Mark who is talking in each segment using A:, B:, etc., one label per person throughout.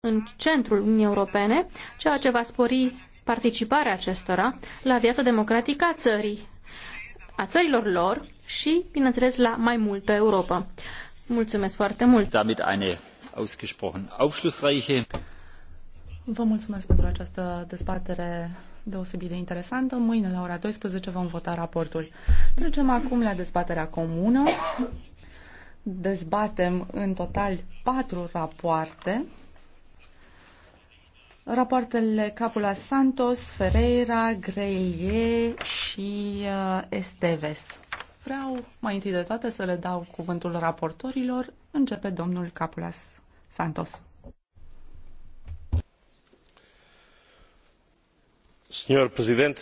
A: în centrul Uniunii Europene, ceea ce va spori participarea acestora la viața democratică a țării, a țărilor lor și, bineînțeles, la mai multă Europa. Mulțumesc foarte mult!
B: Damit eine ausgesprochen aufschlussreiche.
C: Vă mulțumesc pentru această dezbatere deosebit de interesantă. Mâine la ora 12 vom vota raportul. Trecem acum la dezbaterea comună. Dezbatem în total patru rapoarte rapoartele Capula Santos, Ferreira, Greie și uh, Esteves. Vreau mai întâi de toate să le dau cuvântul raportorilor. Începe domnul Capula Santos.
B: Senhor președinte,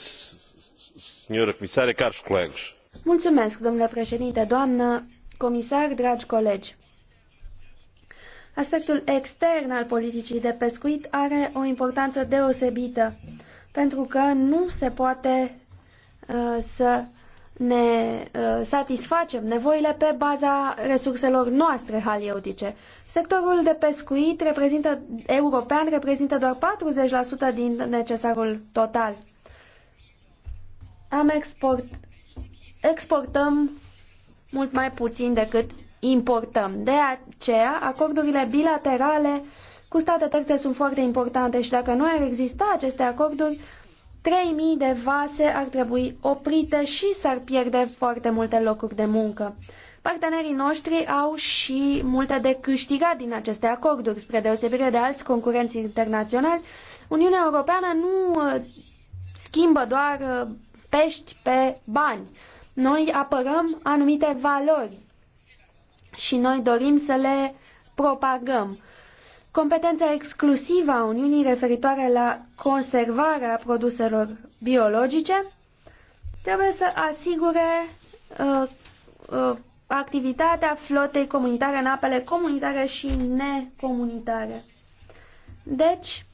B: Senhora comisar, caros colegi.
D: Mulțumesc, domnule președinte, doamnă comisar, dragi colegi Aspectul extern al politicii de pescuit are o importanță deosebită, pentru că nu se poate uh, să ne uh, satisfacem nevoile pe baza resurselor noastre halieutice. Sectorul de pescuit reprezintă, european reprezintă doar 40% din necesarul total. Am export, exportăm mult mai puțin decât importăm. De aceea, acordurile bilaterale cu state terțe sunt foarte importante și dacă nu ar exista aceste acorduri, 3000 de vase ar trebui oprite și s-ar pierde foarte multe locuri de muncă. Partenerii noștri au și multe de câștigat din aceste acorduri, spre deosebire de alți concurenți internaționali. Uniunea Europeană nu uh, schimbă doar uh, pești pe bani. Noi apărăm anumite valori și noi dorim să le propagăm. Competența exclusivă a Uniunii referitoare la conservarea produselor biologice trebuie să asigure uh, uh, activitatea flotei comunitare în apele comunitare și necomunitare. Deci,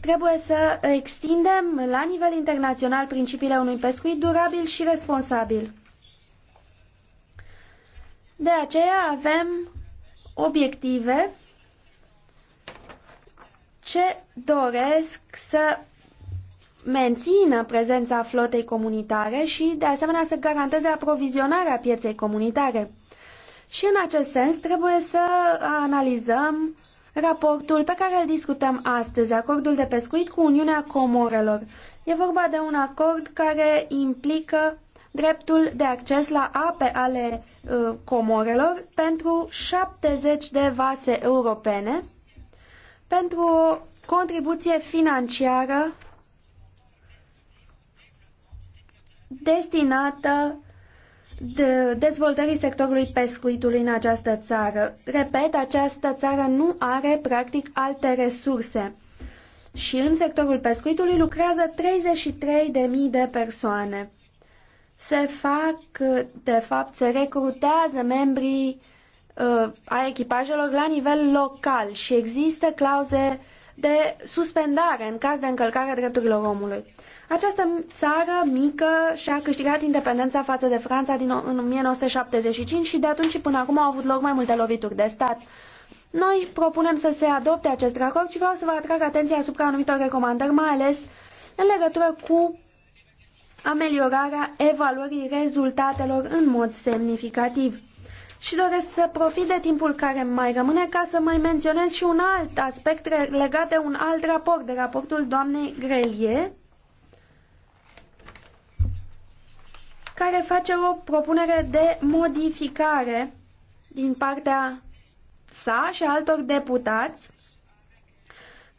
D: trebuie să extindem la nivel internațional principiile unui pescuit durabil și responsabil. De aceea avem obiective ce doresc să mențină prezența flotei comunitare și, de asemenea, să garanteze aprovizionarea pieței comunitare. Și în acest sens trebuie să analizăm raportul pe care îl discutăm astăzi, acordul de pescuit cu Uniunea Comorelor. E vorba de un acord care implică dreptul de acces la ape ale uh, comorelor pentru 70 de vase europene, pentru o contribuție financiară destinată de dezvoltării sectorului pescuitului în această țară. Repet, această țară nu are practic alte resurse. Și în sectorul pescuitului lucrează 33.000 de persoane se fac, de fapt, se recrutează membrii uh, a echipajelor la nivel local și există clauze de suspendare în caz de încălcare a drepturilor omului. Această țară mică și-a câștigat independența față de Franța din, în 1975 și de atunci și până acum au avut loc mai multe lovituri de stat. Noi propunem să se adopte acest acord și vreau să vă atrag atenția asupra anumitor recomandări, mai ales în legătură cu ameliorarea evaluării rezultatelor în mod semnificativ. Și doresc să profit de timpul care mai rămâne ca să mai menționez și un alt aspect legat de un alt raport, de raportul doamnei Grelie, care face o propunere de modificare din partea sa și a altor deputați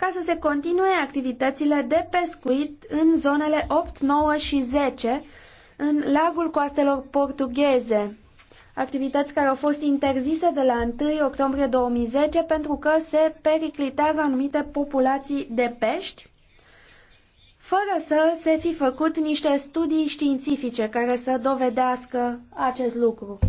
D: ca să se continue activitățile de pescuit în zonele 8, 9 și 10 în lagul coastelor portugheze, activități care au fost interzise de la 1 octombrie 2010 pentru că se periclitează anumite populații de pești, fără să se fi făcut niște studii științifice care să dovedească acest lucru.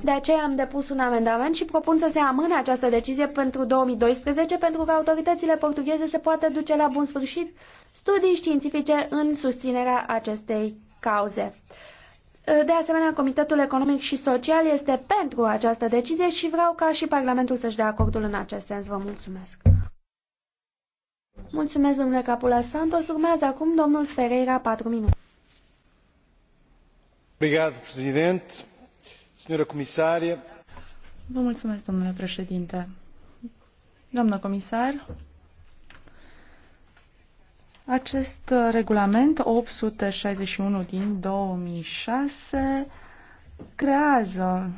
D: De aceea am depus un amendament și propun să se amâne această decizie pentru 2012 pentru că autoritățile portugheze se poată duce la bun sfârșit studii științifice în susținerea acestei cauze. De asemenea, Comitetul Economic și Social este pentru această decizie și vreau ca și Parlamentul să-și dea acordul în acest sens. Vă mulțumesc. Mulțumesc, domnule Capula Santos. Urmează acum domnul Ferreira, 4 minute. Obrigado, presidente domnule
C: comisar, acest uh, regulament 861 din 2006 creează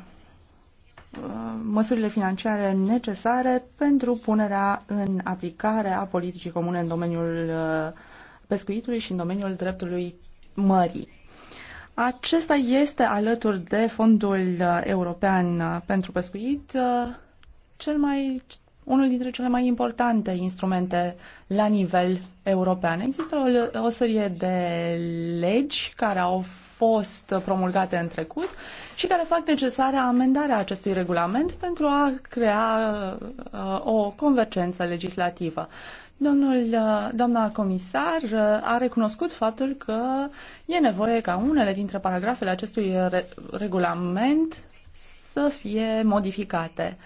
C: uh, măsurile financiare necesare pentru punerea în aplicare a politicii comune în domeniul uh, pescuitului și în domeniul dreptului mării. Acesta este alături de Fondul uh, European uh, pentru Pescuit uh, cel mai, unul dintre cele mai importante instrumente la nivel european. Există o, o serie de legi care au fost promulgate în trecut și care fac necesară amendarea acestui regulament pentru a crea uh, o convergență legislativă. Uh, Domnul, uh, doamna comisar uh, a recunoscut faptul că e nevoie ca unele dintre paragrafele acestui re- regulament să fie modificate.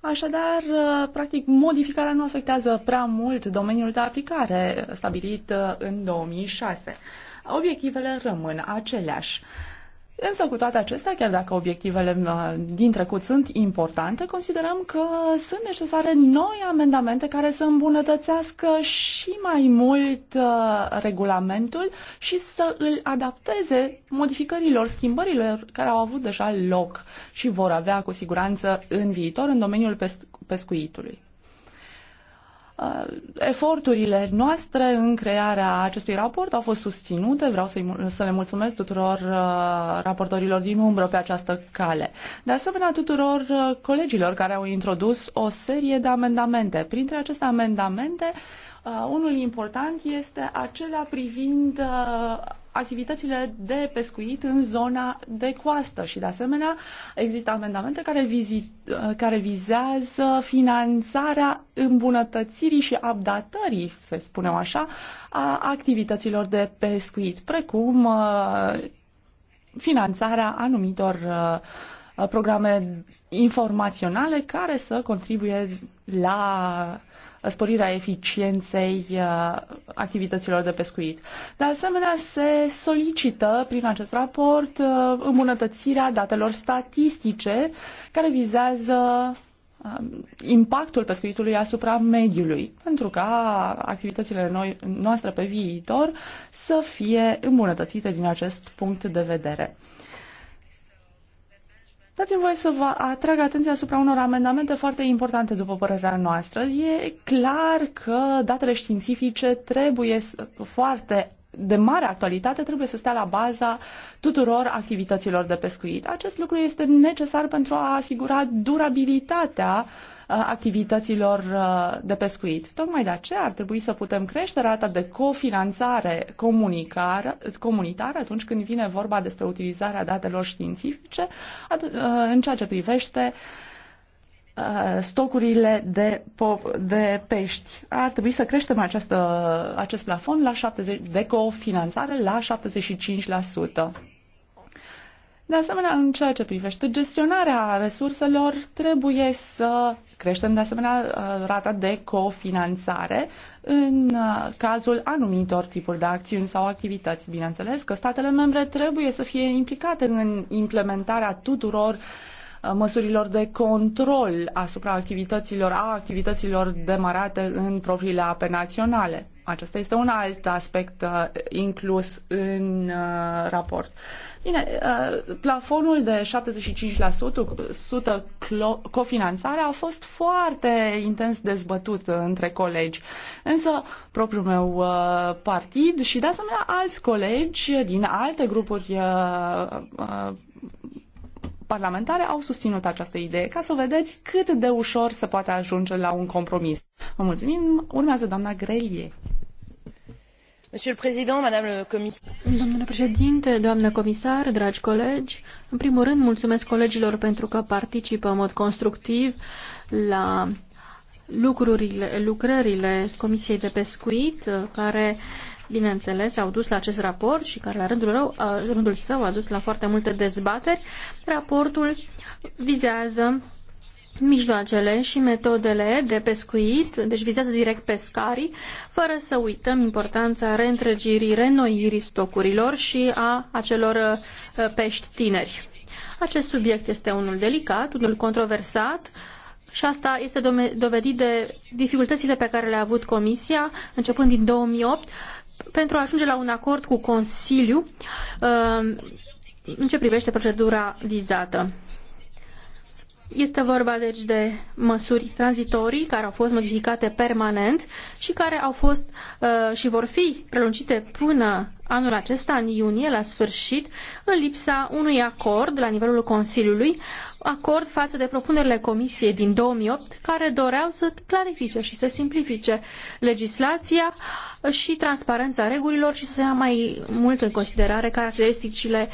C: Așadar, uh, practic, modificarea nu afectează prea mult domeniul de aplicare stabilit în 2006. Obiectivele rămân aceleași. Însă, cu toate acestea, chiar dacă obiectivele uh, din trecut sunt importante, considerăm că sunt necesare noi amendamente care să îmbunătățească și mai mult uh, regulamentul și să îl adapteze modificărilor, schimbărilor care au avut deja loc și vor avea cu siguranță în viitor în domeniul pescuitului. Uh, eforturile noastre în crearea acestui raport au fost susținute. Vreau să, să le mulțumesc tuturor uh, raportorilor din umbră pe această cale. De asemenea, tuturor uh, colegilor care au introdus o serie de amendamente. Printre aceste amendamente, uh, unul important este acela privind uh, activitățile de pescuit în zona de coastă și, de asemenea, există amendamente care, vizit, uh, care vizează finanțarea îmbunătățirii și updatării, să spunem așa, a activităților de pescuit, precum uh, finanțarea anumitor uh, programe informaționale care să contribuie la sporirea eficienței uh, activităților de pescuit. De asemenea, se solicită prin acest raport uh, îmbunătățirea datelor statistice care vizează um, impactul pescuitului asupra mediului, pentru ca activitățile noi, noastre pe viitor să fie îmbunătățite din acest punct de vedere. Dați-mi voie să vă atrag atenția asupra unor amendamente foarte importante, după părerea noastră. E clar că datele științifice trebuie foarte de mare actualitate trebuie să stea la baza tuturor activităților de pescuit. Acest lucru este necesar pentru a asigura durabilitatea uh, Uh, activităților uh, de pescuit. Tocmai de aceea ar trebui să putem crește rata de cofinanțare comunitară atunci când vine vorba despre utilizarea datelor științifice uh, în ceea ce privește stocurile de, de pești. Ar trebui să creștem această, acest plafon la 70, de cofinanțare la 75%. De asemenea, în ceea ce privește gestionarea resurselor, trebuie să creștem de asemenea uh, rata de cofinanțare în uh, cazul anumitor tipuri de acțiuni sau activități. Bineînțeles că statele membre trebuie să fie implicate în implementarea tuturor uh, măsurilor de control asupra activităților, a activităților demarate în propriile ape naționale. Acesta este un alt aspect inclus în raport. Bine, uh, plafonul de 75% uh, cofinanțare a fost foarte intens dezbătut între colegi. Însă, propriul meu uh, partid și, de asemenea, alți colegi din alte grupuri parlamentare au susținut această idee, ca să vedeți cât de ușor se poate ajunge la un compromis. Vă mulțumim. Urmează doamna Grelie.
A: Domnule președinte, doamnă comisar, dragi colegi, în primul rând mulțumesc colegilor pentru că participă în mod constructiv la lucrările Comisiei de Pescuit, care, bineînțeles, au dus la acest raport și care, la rândul, rău, rândul său, a dus la foarte multe dezbateri. Raportul vizează mijloacele și metodele de pescuit, deci vizează direct pescarii, fără să uităm importanța reîntregirii, renoirii stocurilor și a acelor uh, pești tineri. Acest subiect este unul delicat, unul controversat și asta este dovedit de dificultățile pe care le-a avut Comisia începând din 2008 pentru a ajunge la un acord cu Consiliu uh, în ce privește procedura vizată. Este vorba deci de măsuri tranzitorii care au fost modificate permanent și care au fost uh, și vor fi prelungite până anul acesta, în iunie, la sfârșit, în lipsa unui acord la nivelul Consiliului, acord față de propunerile Comisiei din 2008, care doreau să clarifice și să simplifice legislația și transparența regulilor și să ia mai mult în considerare caracteristicile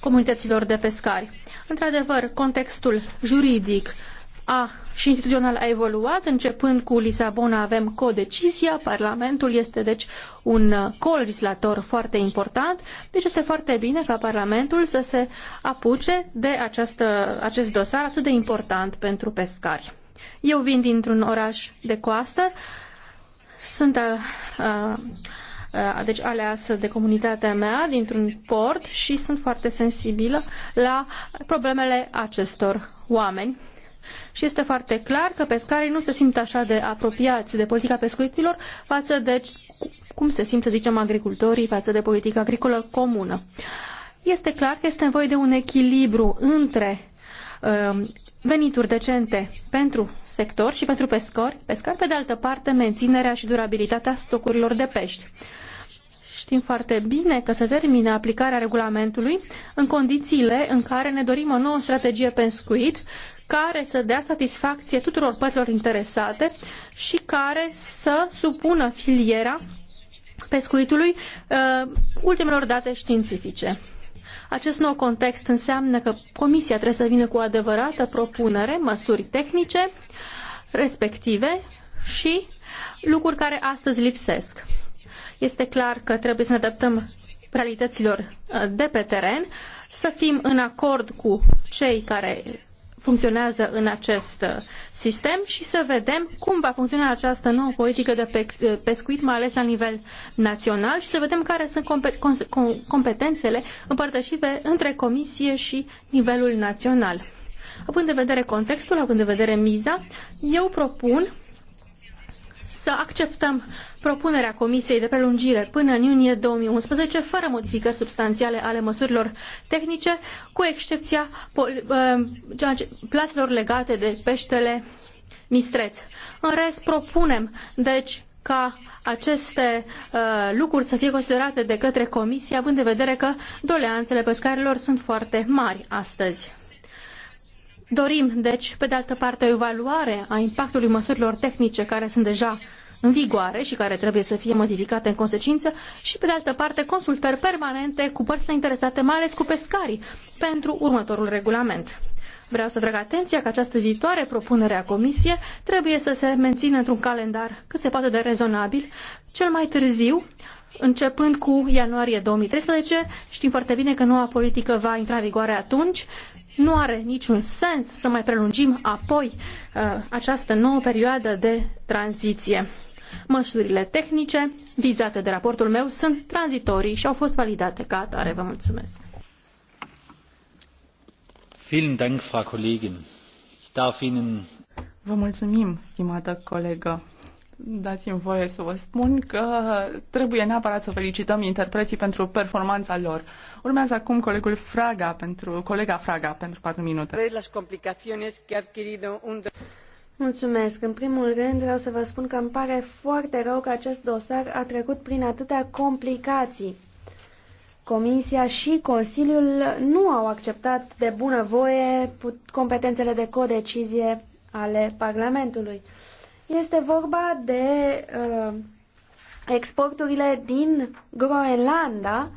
A: comunităților de pescari. Într-adevăr, contextul juridic a, și instituțional a evoluat, începând cu Lisabona avem codecizia, Parlamentul este deci un uh, colegislator foarte important, deci este foarte bine ca Parlamentul să se apuce de această, acest dosar atât de important pentru pescari. Eu vin dintr-un oraș de coastă, sunt a, uh, a, uh, Uh, deci aleasă de comunitatea mea dintr-un port și sunt foarte sensibilă la problemele acestor oameni. Și este foarte clar că pescarii nu se simt așa de apropiați de politica pescuitilor față de cum se simt, să zicem, agricultorii față de politica agricolă comună. Este clar că este nevoie de un echilibru între um, venituri decente pentru sector și pentru pescori, pescari, pe de altă parte menținerea și durabilitatea stocurilor de pești. Știm foarte bine că se termină aplicarea regulamentului în condițiile în care ne dorim o nouă strategie pescuit care să dea satisfacție tuturor părților interesate și care să supună filiera pescuitului uh, ultimelor date științifice. Acest nou context înseamnă că Comisia trebuie să vină cu o adevărată propunere, măsuri tehnice respective și lucruri care astăzi lipsesc. Este clar că trebuie să ne adaptăm realităților uh, de pe teren, să fim în acord cu cei care funcționează în acest uh, sistem și să vedem cum va funcționa această nouă politică de uh, pescuit, mai ales la nivel național și să vedem care sunt competențele împărtășite între comisie și nivelul național. Având în vedere contextul, având în vedere miza, eu propun să acceptăm propunerea Comisiei de prelungire până în iunie 2011, fără modificări substanțiale ale măsurilor tehnice, cu excepția ă, plaselor legate de peștele mistreț. În rest, propunem, deci, ca aceste uh, lucruri să fie considerate de către Comisie, având în vedere că doleanțele pescarilor sunt foarte mari astăzi. Dorim, deci, pe de altă parte, o evaluare a impactului măsurilor tehnice care sunt deja în vigoare și care trebuie să fie modificate în consecință și, pe de altă parte, consultări permanente cu părțile interesate, mai ales cu pescarii, pentru următorul regulament. Vreau să trag atenția că această viitoare propunere a Comisiei trebuie să se mențină într-un calendar cât se poate de rezonabil, cel mai târziu, începând cu ianuarie 2013. Știm foarte bine că noua politică va intra în vigoare atunci. Nu are niciun sens să mai prelungim apoi uh, această nouă perioadă de tranziție. Măsurile tehnice vizate de raportul meu sunt tranzitorii și au fost validate ca atare. Vă mulțumesc. Vă mulțumim, stimată
C: colegă. Dați-mi voie să vă spun că trebuie neapărat să felicităm interpreții pentru performanța lor. Urmează acum colegul Fraga pentru, colega Fraga pentru 4 minute.
D: Mulțumesc. În primul rând vreau să vă spun că îmi pare foarte rău că acest dosar a trecut prin atâtea complicații. Comisia și Consiliul nu au acceptat de bună voie competențele de codecizie ale Parlamentului. Este vorba de uh, exporturile din Groenlanda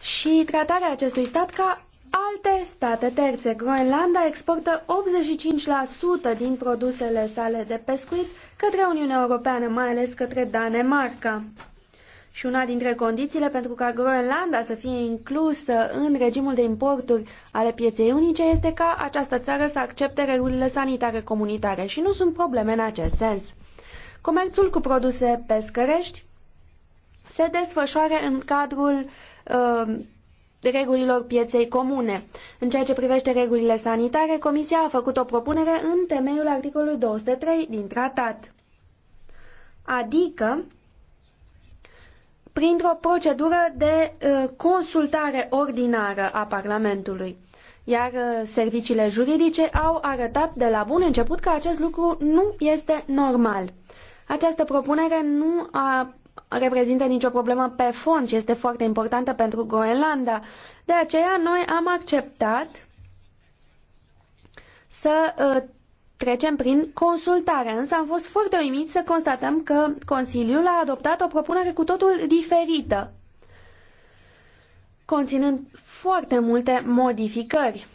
D: și tratarea acestui stat ca alte state terțe. Groenlanda exportă 85% din produsele sale de pescuit către Uniunea Europeană, mai ales către Danemarca. Și una dintre condițiile pentru ca Groenlanda să fie inclusă în regimul de importuri ale pieței unice este ca această țară să accepte regulile sanitare comunitare și nu sunt probleme în acest sens. Comerțul cu produse pescărești se desfășoară în cadrul uh, regulilor pieței comune. În ceea ce privește regulile sanitare, Comisia a făcut o propunere în temeiul articolului 203 din tratat. Adică, printr-o procedură de uh, consultare ordinară a Parlamentului. Iar uh, serviciile juridice au arătat de la bun început că acest lucru nu este normal. Această propunere nu a reprezintă nicio problemă pe fond și este foarte importantă pentru Groenlanda. De aceea noi am acceptat să uh, trecem prin consultare, însă am fost foarte uimit să constatăm că Consiliul a adoptat o propunere cu totul diferită, conținând foarte multe modificări,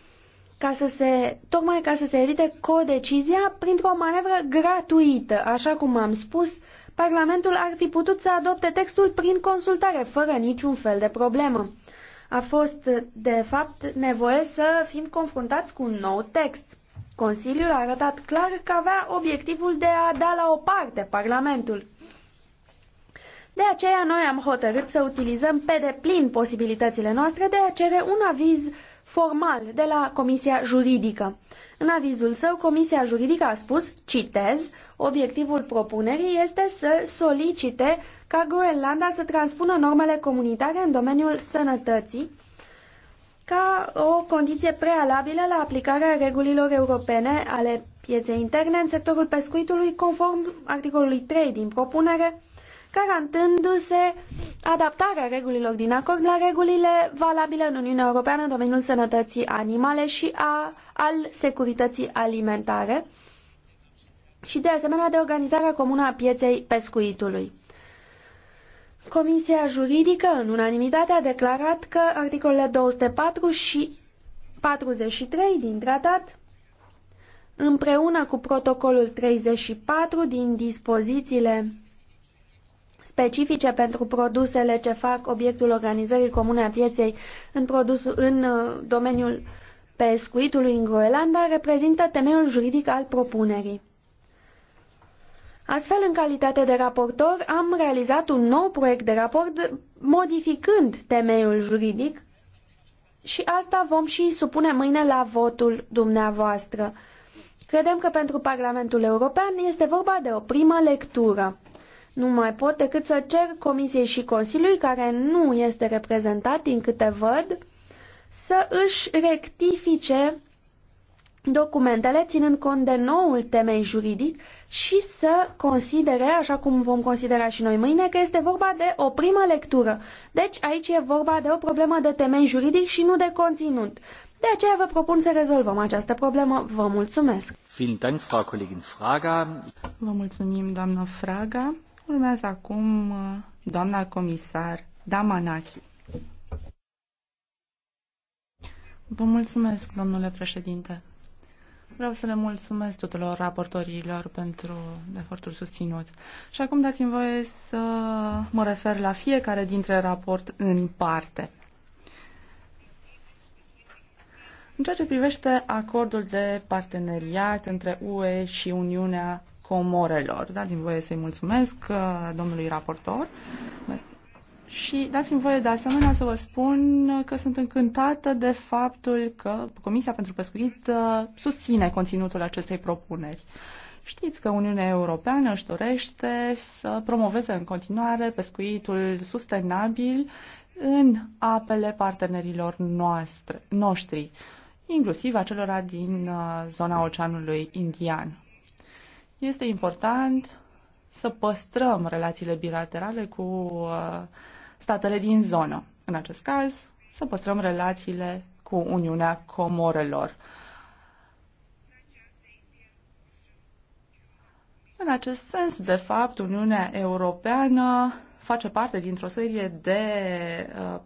D: ca să se, tocmai ca să se evite codecizia printr-o manevră gratuită, așa cum am spus, uh, Parlamentul ar fi putut să adopte textul prin consultare, fără niciun fel de problemă. A fost, de fapt, nevoie să fim confruntați cu un nou text. Consiliul a arătat clar că avea obiectivul de a da la o parte Parlamentul. De aceea noi am hotărât să utilizăm pe deplin posibilitățile noastre de a cere un aviz formal de la Comisia Juridică. În avizul său, Comisia Juridică a spus, citez, Obiectivul propunerii este să solicite ca Groenlanda să transpună normele comunitare în domeniul sănătății ca o condiție prealabilă la aplicarea regulilor europene ale pieței interne în sectorul pescuitului conform articolului 3 din propunere, garantându-se adaptarea regulilor din acord la regulile valabile în Uniunea Europeană în domeniul sănătății animale și a, al securității alimentare și de asemenea de organizarea comună a pieței pescuitului. Comisia juridică, în unanimitate, a declarat că articolele 204 și 43 din tratat, împreună cu protocolul 34 din dispozițiile specifice pentru produsele ce fac obiectul organizării comune a pieței în, produs, în uh, domeniul pescuitului în Groenlanda, reprezintă temeiul juridic al propunerii. Astfel, în calitate de raportor, am realizat un nou proiect de raport modificând temeiul juridic și asta vom și supune mâine la votul dumneavoastră. Credem că pentru Parlamentul European este vorba de o primă lectură. Nu mai pot decât să cer Comisiei și Consiliului, care nu este reprezentat din câte văd, să își rectifice documentele, ținând cont de noul temei juridic și să considere, așa cum vom considera și noi mâine, că este vorba de o primă lectură. Deci aici e vorba de o problemă de temei juridic și nu de conținut. De aceea vă propun să rezolvăm această problemă. Vă mulțumesc!
B: Vă mulțumim,
C: doamnă Fraga. Urmează acum uh, doamna comisar Damanachi. Vă mulțumesc, domnule președinte. Vreau să le mulțumesc tuturor raportorilor pentru efortul susținut. Și acum dați-mi voie să mă refer la fiecare dintre raport în parte. În ceea ce privește acordul de parteneriat între UE și Uniunea Comorelor, dați-mi voie să-i mulțumesc uh, domnului raportor și dați-mi voie de asemenea să vă spun că sunt încântată de faptul că Comisia pentru Pescuit uh, susține conținutul acestei propuneri. Știți că Uniunea Europeană își dorește să promoveze în continuare pescuitul sustenabil în apele partenerilor noastre, noștri, inclusiv acelora din uh, zona Oceanului Indian. Este important să păstrăm relațiile bilaterale cu uh, statele din zonă. În acest caz, să păstrăm relațiile cu Uniunea Comorelor. În acest sens, de fapt, Uniunea Europeană face parte dintr-o serie de uh,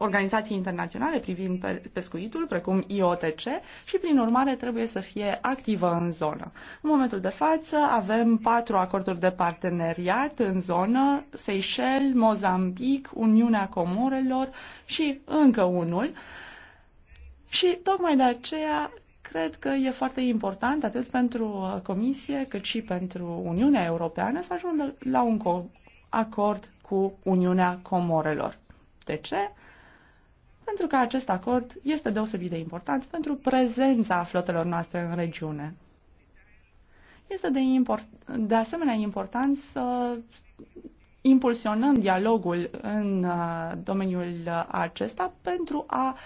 C: organizații internaționale privind pescuitul, precum IOTC, și prin urmare trebuie să fie activă în zonă. În momentul de față avem patru acorduri de parteneriat în zonă, Seychelles, Mozambic, Uniunea Comorelor și încă unul. Și tocmai de aceea cred că e foarte important atât pentru uh, Comisie cât și pentru Uniunea Europeană să ajungă la un acord cu Uniunea Comorelor. De ce? pentru că acest acord este deosebit de important pentru prezența flotelor noastre în regiune. Este de, import, de asemenea important să impulsionăm dialogul în uh, domeniul acesta pentru a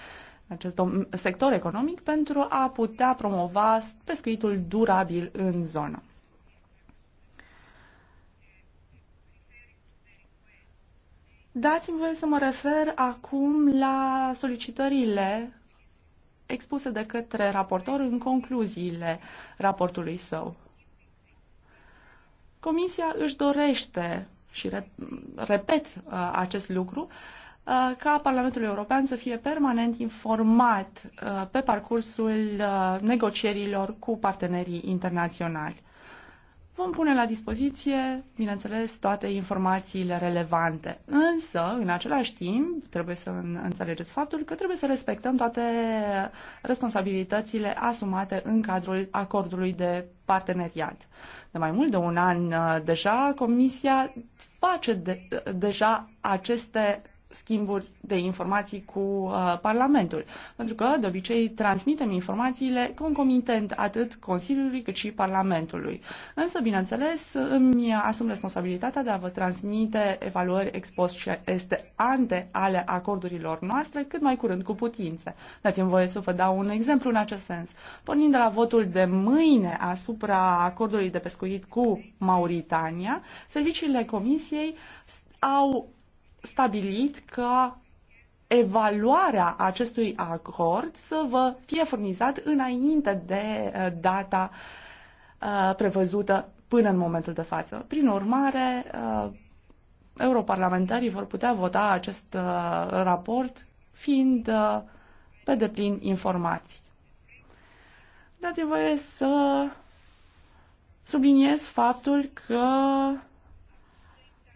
C: acest sector economic pentru a putea promova pescuitul durabil în zonă. Dați-mi voie să mă refer acum la solicitările expuse de către raportor în concluziile raportului său. Comisia își dorește, și repet uh, acest lucru, uh, ca Parlamentul European să fie permanent informat uh, pe parcursul negocierilor cu partenerii internaționali. Vom pune la dispoziție, bineînțeles, toate informațiile relevante. Însă, în același timp, trebuie să înțelegeți faptul că trebuie să respectăm toate responsabilitățile asumate în cadrul acordului de parteneriat. De mai mult de un an uh, deja, Comisia face de, deja aceste schimburi de informații cu uh, Parlamentul. Pentru că, de obicei, transmitem informațiile concomitent atât Consiliului cât și Parlamentului. Însă, bineînțeles, îmi asum responsabilitatea de a vă transmite evaluări expost și este ante ale acordurilor noastre cât mai curând cu putință. Dați-mi voie să vă dau un exemplu în acest sens. Pornind de la votul de mâine asupra acordului de pescuit cu Mauritania, serviciile Comisiei au stabilit că evaluarea acestui acord să vă fie furnizat înainte de uh, data uh, prevăzută până în momentul de față. Prin urmare, uh, europarlamentarii vor putea vota acest raport fiind pe deplin informați. Dați-mi voie să subliniez faptul că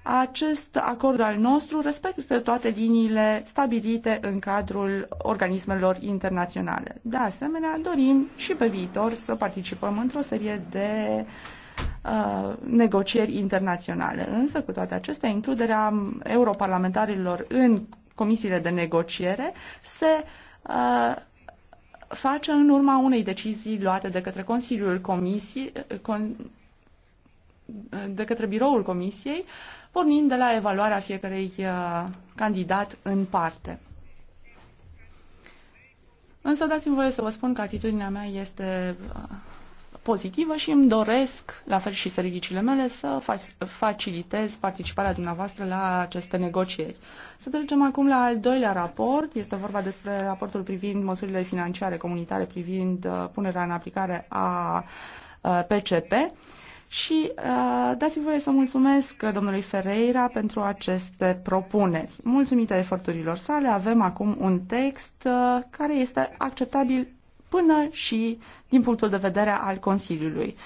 C: acest acord al nostru respectă toate liniile stabilite în cadrul organismelor internaționale. De asemenea, dorim și pe viitor să participăm într-o serie de uh, negocieri internaționale. Însă, cu toate acestea, includerea europarlamentarilor în comisiile de negociere se uh, face în urma unei decizii luate de către Consiliul Comisiei, con, de către Biroul Comisiei, uh, pornind de la evaluarea fiecărei uh, candidat în parte. Însă dați-mi voie să vă spun că atitudinea mea este uh, pozitivă și îmi doresc, la fel și serviciile mele, să facilitez participarea dumneavoastră la aceste negocieri. Să trecem acum la al doilea raport. Este vorba despre raportul privind măsurile financiare comunitare privind uh, punerea în aplicare a PCP și uh, dați-mi voie să mulțumesc domnului Ferreira pentru aceste propuneri. Mulțumită eforturilor sale, avem acum un text uh, care este acceptabil până și din punctul de vedere al Consiliului.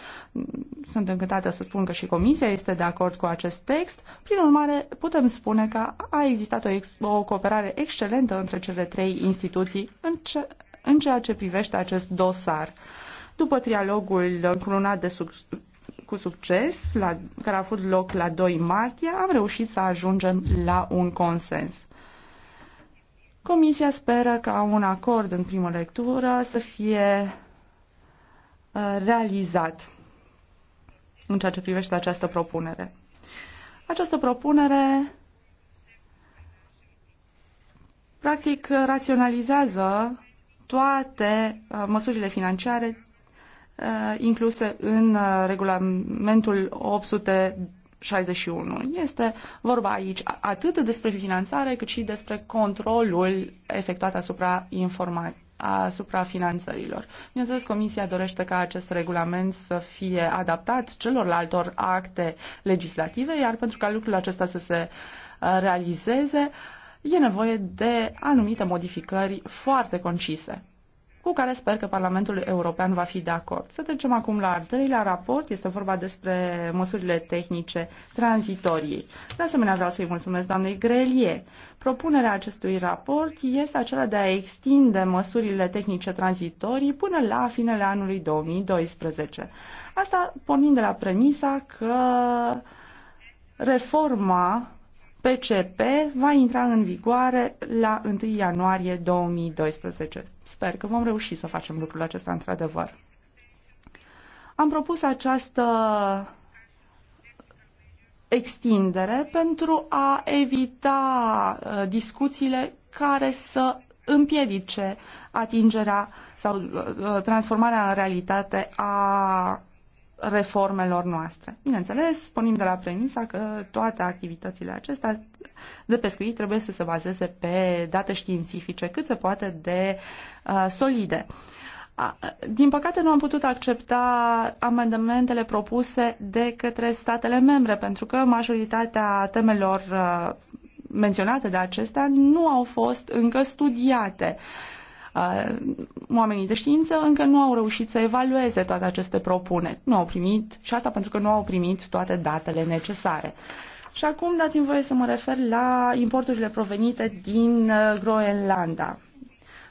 C: Sunt încântată să spun că și Comisia este de acord cu acest text. Prin urmare, putem spune că a existat o, ex- o cooperare excelentă între cele trei instituții în, ce- în ceea ce privește acest dosar. După trialogul încrunat uh, de succes cu succes, la, care a avut loc la 2 martie, am reușit să ajungem la un consens. Comisia speră ca un acord în primă lectură să fie uh, realizat în ceea ce privește această propunere. Această propunere practic raționalizează toate uh, măsurile financiare Uh, incluse în uh, regulamentul 861. Este vorba aici atât despre finanțare cât și despre controlul efectuat asupra informației asupra finanțărilor. Bineînțeles, Comisia dorește ca acest regulament să fie adaptat celorlaltor acte legislative, iar pentru ca lucrul acesta să se uh, realizeze, e nevoie de anumite modificări foarte concise cu care sper că Parlamentul European va fi de acord. Să trecem acum la al treilea raport. Este vorba despre măsurile tehnice tranzitorii. De asemenea, vreau să-i mulțumesc doamnei Grelie. Propunerea acestui raport este acela de a extinde măsurile tehnice tranzitorii până la finele anului 2012. Asta pornind de la premisa că reforma PCP va intra în vigoare la 1 ianuarie 2012. Sper că vom reuși să facem lucrul acesta într-adevăr. Am propus această extindere pentru a evita uh, discuțiile care să împiedice atingerea sau uh, uh, transformarea în realitate a reformelor noastre. Bineînțeles, spunem de la premisa că toate activitățile acestea de pescuit trebuie să se bazeze pe date științifice cât se poate de uh, solide. Din păcate nu am putut accepta amendamentele propuse de către statele membre, pentru că majoritatea temelor uh, menționate de acestea nu au fost încă studiate. Uh, Oamenii de știință încă nu au reușit să evalueze toate aceste propuneri. Nu au primit, și asta pentru că nu au primit toate datele necesare. Și acum dați-mi voie să mă refer la importurile provenite din uh, Groenlanda.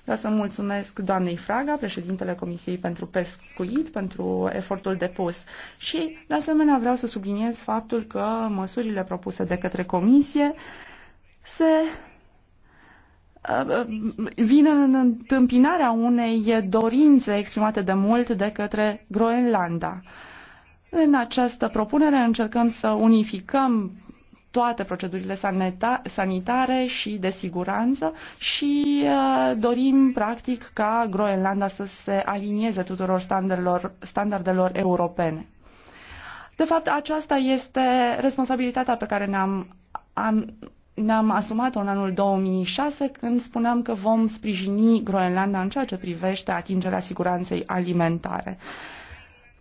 C: Vreau să mulțumesc doamnei Fraga, președintele Comisiei pentru Pescuit, pentru efortul depus. Și, de asemenea, vreau să subliniez faptul că măsurile propuse de către Comisie se Uh, vine în întâmpinarea unei dorințe exprimate de mult de către Groenlanda. În această propunere încercăm să unificăm toate procedurile sanitare și de siguranță și uh, dorim practic ca Groenlanda să se alinieze tuturor standardelor, standardelor europene. De fapt, aceasta este responsabilitatea pe care ne-am am ne-am asumat-o în anul 2006 când spuneam că vom sprijini Groenlanda în ceea ce privește atingerea siguranței alimentare.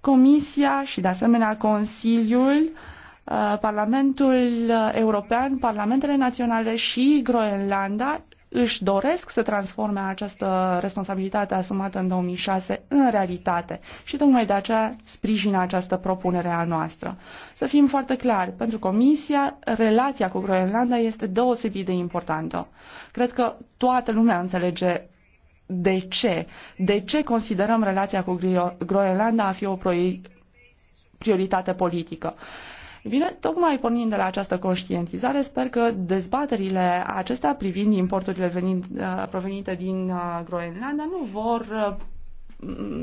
C: Comisia și de asemenea Consiliul uh, Parlamentul European, Parlamentele Naționale și Groenlanda își doresc să transforme această responsabilitate asumată în 2006 în realitate și tocmai de aceea sprijină această propunere a noastră. Să fim foarte clari, pentru Comisia, relația cu Groenlanda este deosebit de importantă. Cred că toată lumea înțelege de ce. De ce considerăm relația cu Groenlanda a fi o prioritate politică? Vine bine, tocmai pornind de la această conștientizare, sper că dezbaterile acestea privind importurile venind, uh, provenite din uh, Groenlanda nu vor uh,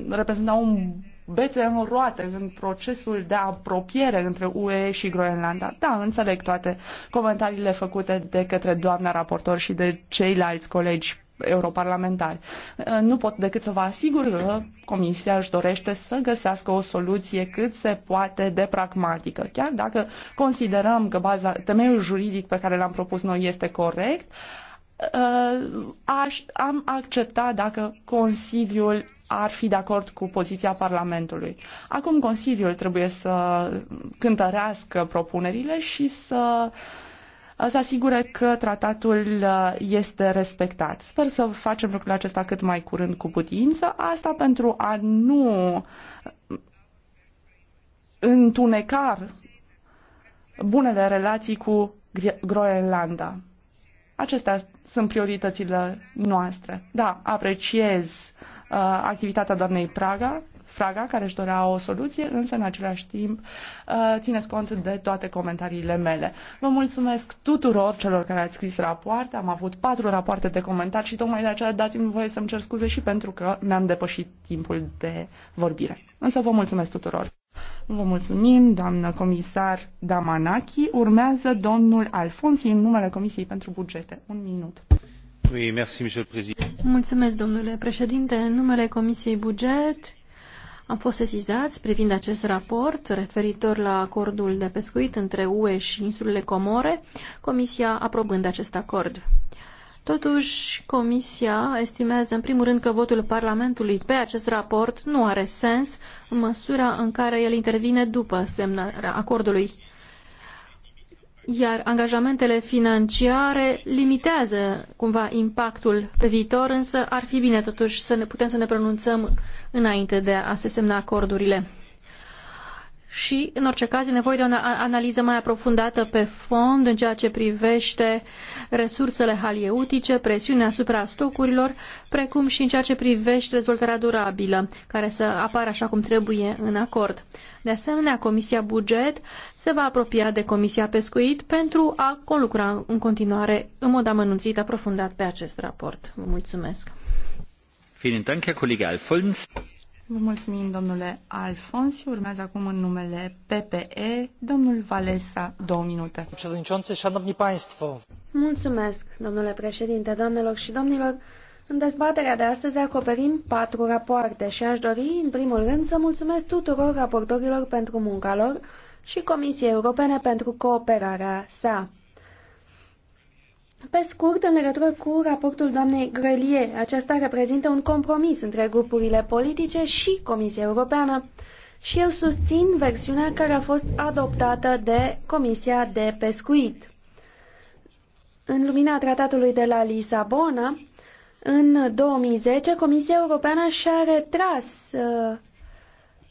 C: reprezenta un bețe în roate în procesul de apropiere între UE și Groenlanda. Da, înțeleg toate comentariile făcute de către doamna raportor și de ceilalți colegi europarlamentari. Ă, nu pot decât să vă asigur că Comisia își dorește să găsească o soluție cât se poate de pragmatică. Chiar dacă considerăm că baza, temeiul juridic pe care l-am propus noi este corect, ă, aș, am acceptat dacă Consiliul ar fi de acord cu poziția Parlamentului. Acum Consiliul trebuie să cântărească propunerile și să uh, să asigure că tratatul uh, este respectat. Sper să facem lucrul acesta cât mai curând cu putință, asta pentru a nu întunecar bunele relații cu Groenlanda. Acestea sunt prioritățile noastre. Da, apreciez uh, activitatea doamnei Praga, Fraga, care își dorea o soluție, însă în același timp uh, țineți cont de toate comentariile mele. Vă mulțumesc tuturor celor care ați scris rapoarte, am avut patru rapoarte de comentarii și tocmai de aceea dați-mi voie să-mi cer scuze și pentru că mi-am depășit timpul de vorbire. Însă vă mulțumesc tuturor. Vă mulțumim, doamnă comisar Damanachi. Urmează domnul Alfonsi în numele Comisiei pentru Bugete. Un minut.
B: Oui, merci,
A: Mulțumesc, domnule președinte. În numele Comisiei Buget am fost sesizați privind acest raport referitor la acordul de pescuit între UE și insulele Comore, Comisia aprobând acest acord. Totuși, Comisia estimează în primul rând că votul Parlamentului pe acest raport nu are sens în măsura în care el intervine după semnarea acordului iar angajamentele financiare limitează cumva impactul pe viitor, însă ar fi bine totuși să ne putem să ne pronunțăm înainte de a se semna acordurile și, în orice caz, e nevoie de o analiză mai aprofundată pe fond în ceea ce privește resursele halieutice, presiunea asupra stocurilor, precum și în ceea ce privește dezvoltarea durabilă, care să apară așa cum trebuie în acord. De asemenea, Comisia Buget se va apropia de Comisia Pescuit pentru a conlucra în continuare în mod amănunțit aprofundat pe acest raport. Vă mulțumesc!
B: Vielen Dank, Herr Kollege Alfons.
C: Vă mulțumim, domnule Alfonsi. Urmează acum în numele PPE, domnul Valesa, două minute.
D: Mulțumesc, domnule președinte, doamnelor și domnilor. În dezbaterea de astăzi acoperim patru rapoarte și aș dori, în primul rând, să mulțumesc tuturor raportorilor pentru munca lor și Comisiei Europene pentru cooperarea sa. Pe scurt, în legătură cu raportul doamnei Grelie, acesta reprezintă un compromis între grupurile politice și Comisia Europeană și eu susțin versiunea care a fost adoptată de Comisia de Pescuit. În lumina tratatului de la Lisabona, în 2010, Comisia Europeană și-a retras uh,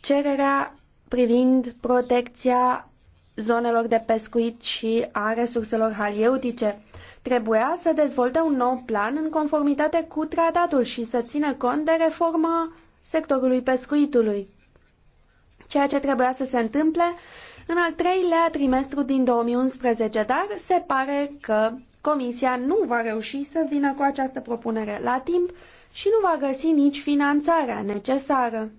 D: cererea privind protecția zonelor de pescuit și a resurselor halieutice. Trebuia să dezvolte un nou plan în conformitate cu tratatul și să țină cont de reforma sectorului pescuitului. Ceea ce trebuia să se întâmple în al treilea trimestru din 2011, dar se pare că Comisia nu va reuși să vină cu această propunere la timp și nu va găsi nici finanțarea necesară.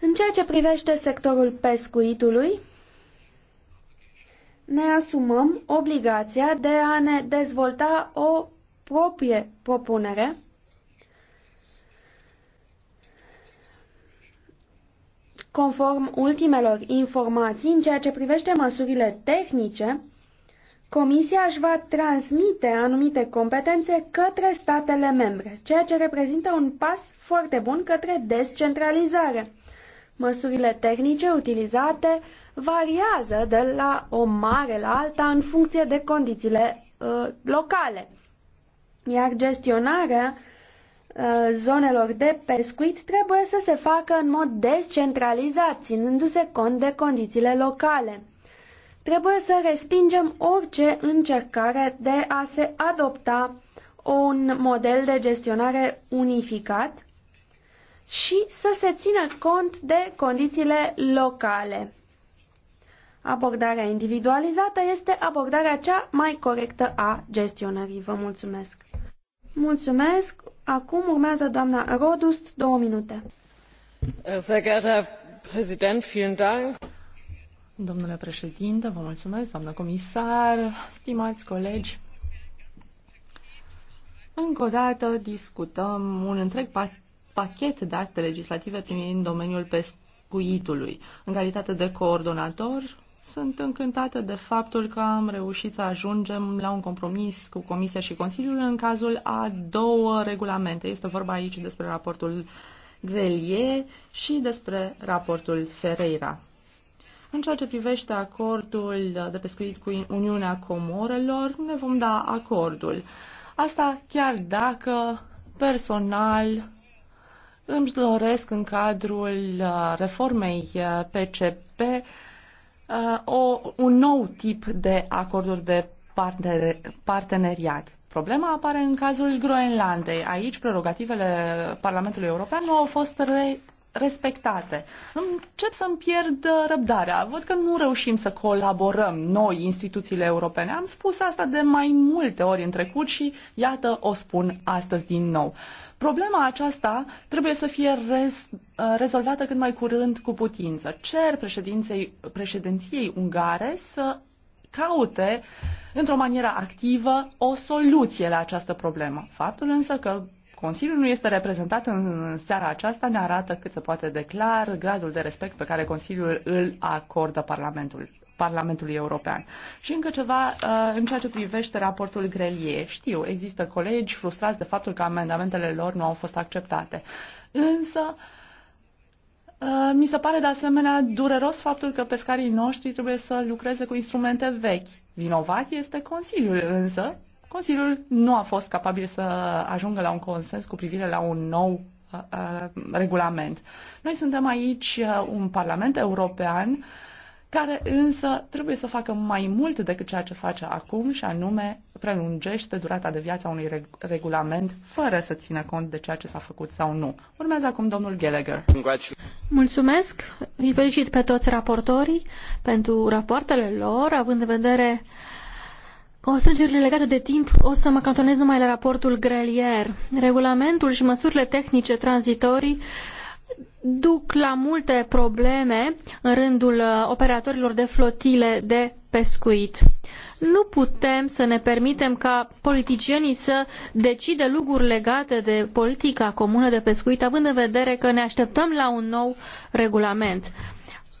D: În ceea ce privește sectorul pescuitului, ne asumăm obligația de a ne dezvolta o proprie propunere Conform ultimelor informații în ceea ce privește măsurile tehnice, Comisia își va transmite anumite competențe către statele membre, ceea ce reprezintă un pas foarte bun către descentralizare. Măsurile tehnice utilizate variază de la o mare la alta în funcție de condițiile uh, locale. Iar gestionarea uh, zonelor de pescuit trebuie să se facă în mod descentralizat, ținându-se cont de condițiile locale. Trebuie să respingem orice încercare de a se adopta un model de gestionare unificat și să se țină cont de condițiile locale. Abordarea individualizată este abordarea cea mai corectă a gestionării. Vă mulțumesc! Mulțumesc! Acum urmează doamna Rodust, două minute.
B: vielen Dank.
C: Domnule președinte, vă mulțumesc, doamnă comisar, stimați colegi. Încă o dată discutăm un întreg pachet de acte legislative privind domeniul pescuitului. În calitate de coordonator, sunt încântată de faptul că am reușit să ajungem la un compromis cu Comisia și Consiliul în cazul a două regulamente. Este vorba aici despre raportul Grelie și despre raportul Ferreira. În ceea ce privește acordul de pescuit cu Uniunea Comorelor, ne vom da acordul. Asta chiar dacă personal îmi doresc în cadrul uh, reformei PCP uh, Uh, o, un nou tip de acorduri de partener, parteneriat. Problema apare în cazul Groenlandei. Aici prerogativele Parlamentului European nu au fost re, respectate. Încep să-mi pierd uh, răbdarea. Văd că nu reușim să colaborăm noi, instituțiile europene. Am spus asta de mai multe ori în trecut și iată o spun astăzi din nou. Problema aceasta trebuie să fie rez, uh, rezolvată cât mai curând cu putință. Cer președinței, președinției ungare să caute într-o manieră activă o soluție la această problemă. Faptul însă că Consiliul nu este reprezentat în seara aceasta, ne arată cât se poate declar gradul de respect pe care Consiliul îl acordă Parlamentul. Parlamentului European. Și încă ceva uh, în ceea ce privește raportul Grelie. Știu, există colegi frustrați de faptul că amendamentele lor nu au fost acceptate. Însă, uh, mi se pare de asemenea dureros faptul că pescarii noștri trebuie să lucreze cu instrumente vechi. Vinovat este Consiliul însă, Consiliul nu a fost capabil să ajungă la un consens cu privire la un nou uh, uh, regulament. Noi suntem aici uh, un Parlament European care însă trebuie să facă mai mult decât ceea ce face acum și anume prelungește durata de viață a unui reg regulament fără să țină cont de ceea ce s-a făcut sau nu. Urmează acum domnul Gallagher.
A: Mulțumesc, îi felicit pe toți raportorii pentru rapoartele lor, având în vedere constrângerile legate de timp, o să mă cantonez numai la raportul grelier. Regulamentul și măsurile tehnice tranzitorii duc la multe probleme în rândul uh, operatorilor de flotile de pescuit. Nu putem să ne permitem ca politicienii să decidă lucruri legate de politica comună de pescuit, având în vedere că ne așteptăm la un nou regulament.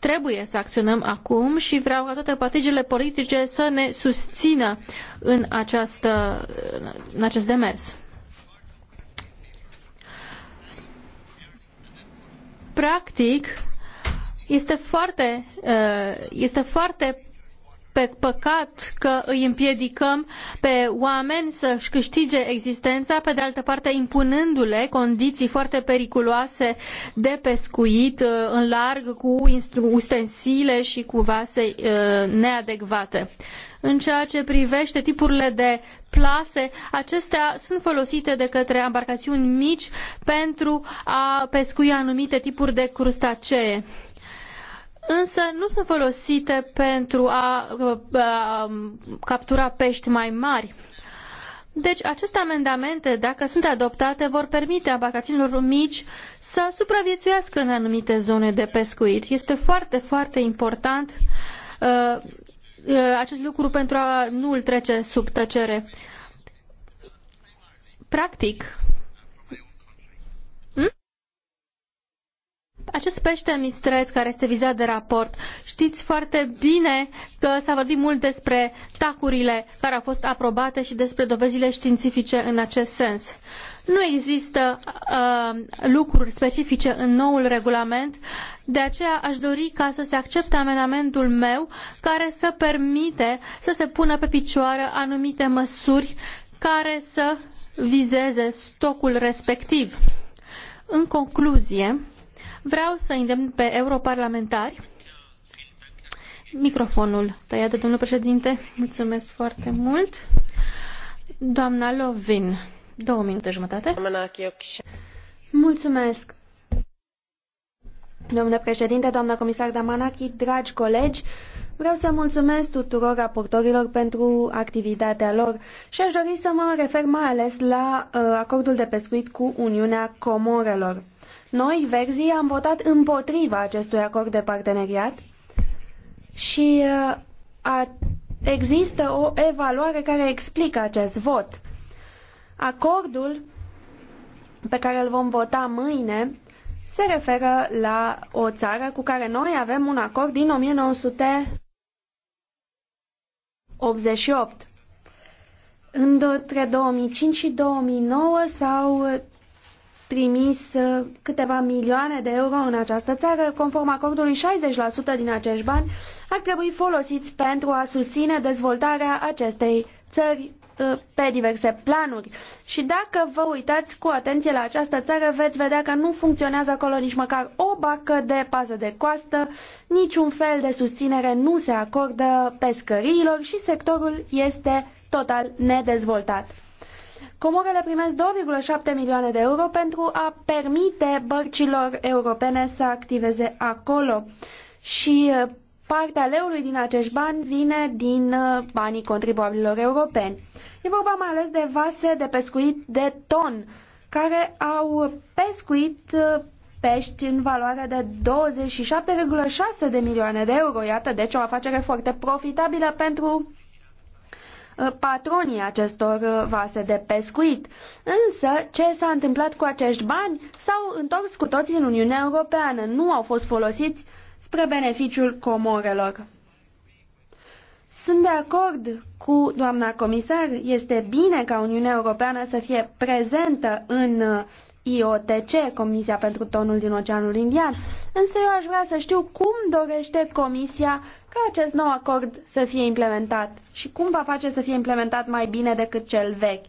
A: Trebuie să acționăm acum și vreau ca toate partidele politice să ne susțină în, această, în acest demers. Practic, este foarte, uh, este foarte pe păcat că îi împiedicăm pe oameni să-și câștige existența, pe de altă parte impunându-le condiții foarte periculoase de pescuit uh, în larg cu ustensile și cu vase uh, neadecvate. În ceea ce privește tipurile de plase, acestea sunt folosite de către embarcațiuni mici pentru a pescui anumite tipuri de crustacee însă nu sunt folosite pentru a, a captura pești mai mari. Deci aceste amendamente, dacă sunt adoptate, vor permite embarcațiunilor mici să supraviețuiască în anumite zone de pescuit. Este foarte, foarte important uh, uh acest lucru pentru a nu îl trece sub tăcere. Practic, Acest pește mistreț care este vizat de raport, știți foarte bine că s-a vorbit mult despre tacurile care au fost aprobate și despre dovezile științifice în acest sens. Nu există uh, lucruri specifice în noul regulament, de aceea aș dori ca să se accepte amendamentul meu care să permite să se pună pe picioare anumite măsuri care să vizeze stocul respectiv. În concluzie, Vreau să îndemn pe europarlamentari Microfonul tăiat de domnul președinte. Mulțumesc foarte mult. Doamna Lovin, două minute jumătate. Mulțumesc. Domnule președinte,
D: doamna comisar Damanaki, dragi colegi, vreau să mulțumesc tuturor raportorilor pentru activitatea lor și aș dori să mă refer mai ales la uh, acordul de pescuit cu Uniunea Comorelor. Noi, Verzii, am votat împotriva acestui acord de parteneriat și uh, a, există o evaluare care explică acest vot. Acordul pe care îl vom vota mâine se referă la o țară cu care noi avem un acord din 1988. Între 2005 și 2009 s-au trimis uh, câteva milioane de euro în această țară, conform acordului 60% din acești bani ar trebui folosiți pentru a susține dezvoltarea acestei țări uh, pe diverse planuri. Și dacă vă uitați cu atenție la această țară, veți vedea că nu funcționează acolo nici măcar o bacă de pază de coastă, niciun fel de susținere nu se acordă pescăriilor și sectorul este total nedezvoltat. Comorele primesc 2,7 milioane de euro pentru a permite bărcilor europene să activeze acolo și uh, partea leului din acești bani vine din uh, banii contribuabililor europeni. E vorba mai ales de vase de pescuit de ton, care au pescuit uh, pești în valoare de 27,6 de milioane de euro. Iată, deci o afacere foarte profitabilă pentru Uh, patronii acestor uh, vase de pescuit. Însă, ce s-a întâmplat cu acești bani? S-au întors cu toții în Uniunea Europeană, nu au fost folosiți spre beneficiul comorelor. Sunt de acord cu doamna comisar. Este bine ca Uniunea Europeană să fie prezentă în uh, IOTC, Comisia pentru Tonul din Oceanul Indian, însă eu aș vrea să știu cum dorește Comisia ca acest nou acord să fie implementat și cum va face să fie implementat mai bine decât cel vechi.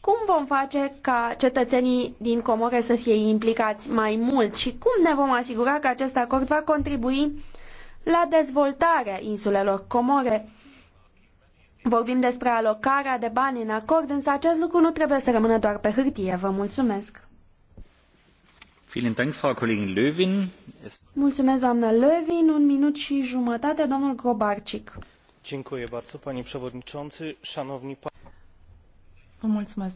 D: Cum vom face ca cetățenii din Comore să fie implicați mai mult și cum ne vom asigura că acest acord va contribui la dezvoltarea insulelor Comore? Vorbim despre alocarea de bani în acord, însă acest lucru nu trebuie să rămână doar pe hârtie. Vă mulțumesc!
B: Mulțumesc,
D: Lövin. Un minut și jumătate, domnul mulțumesc,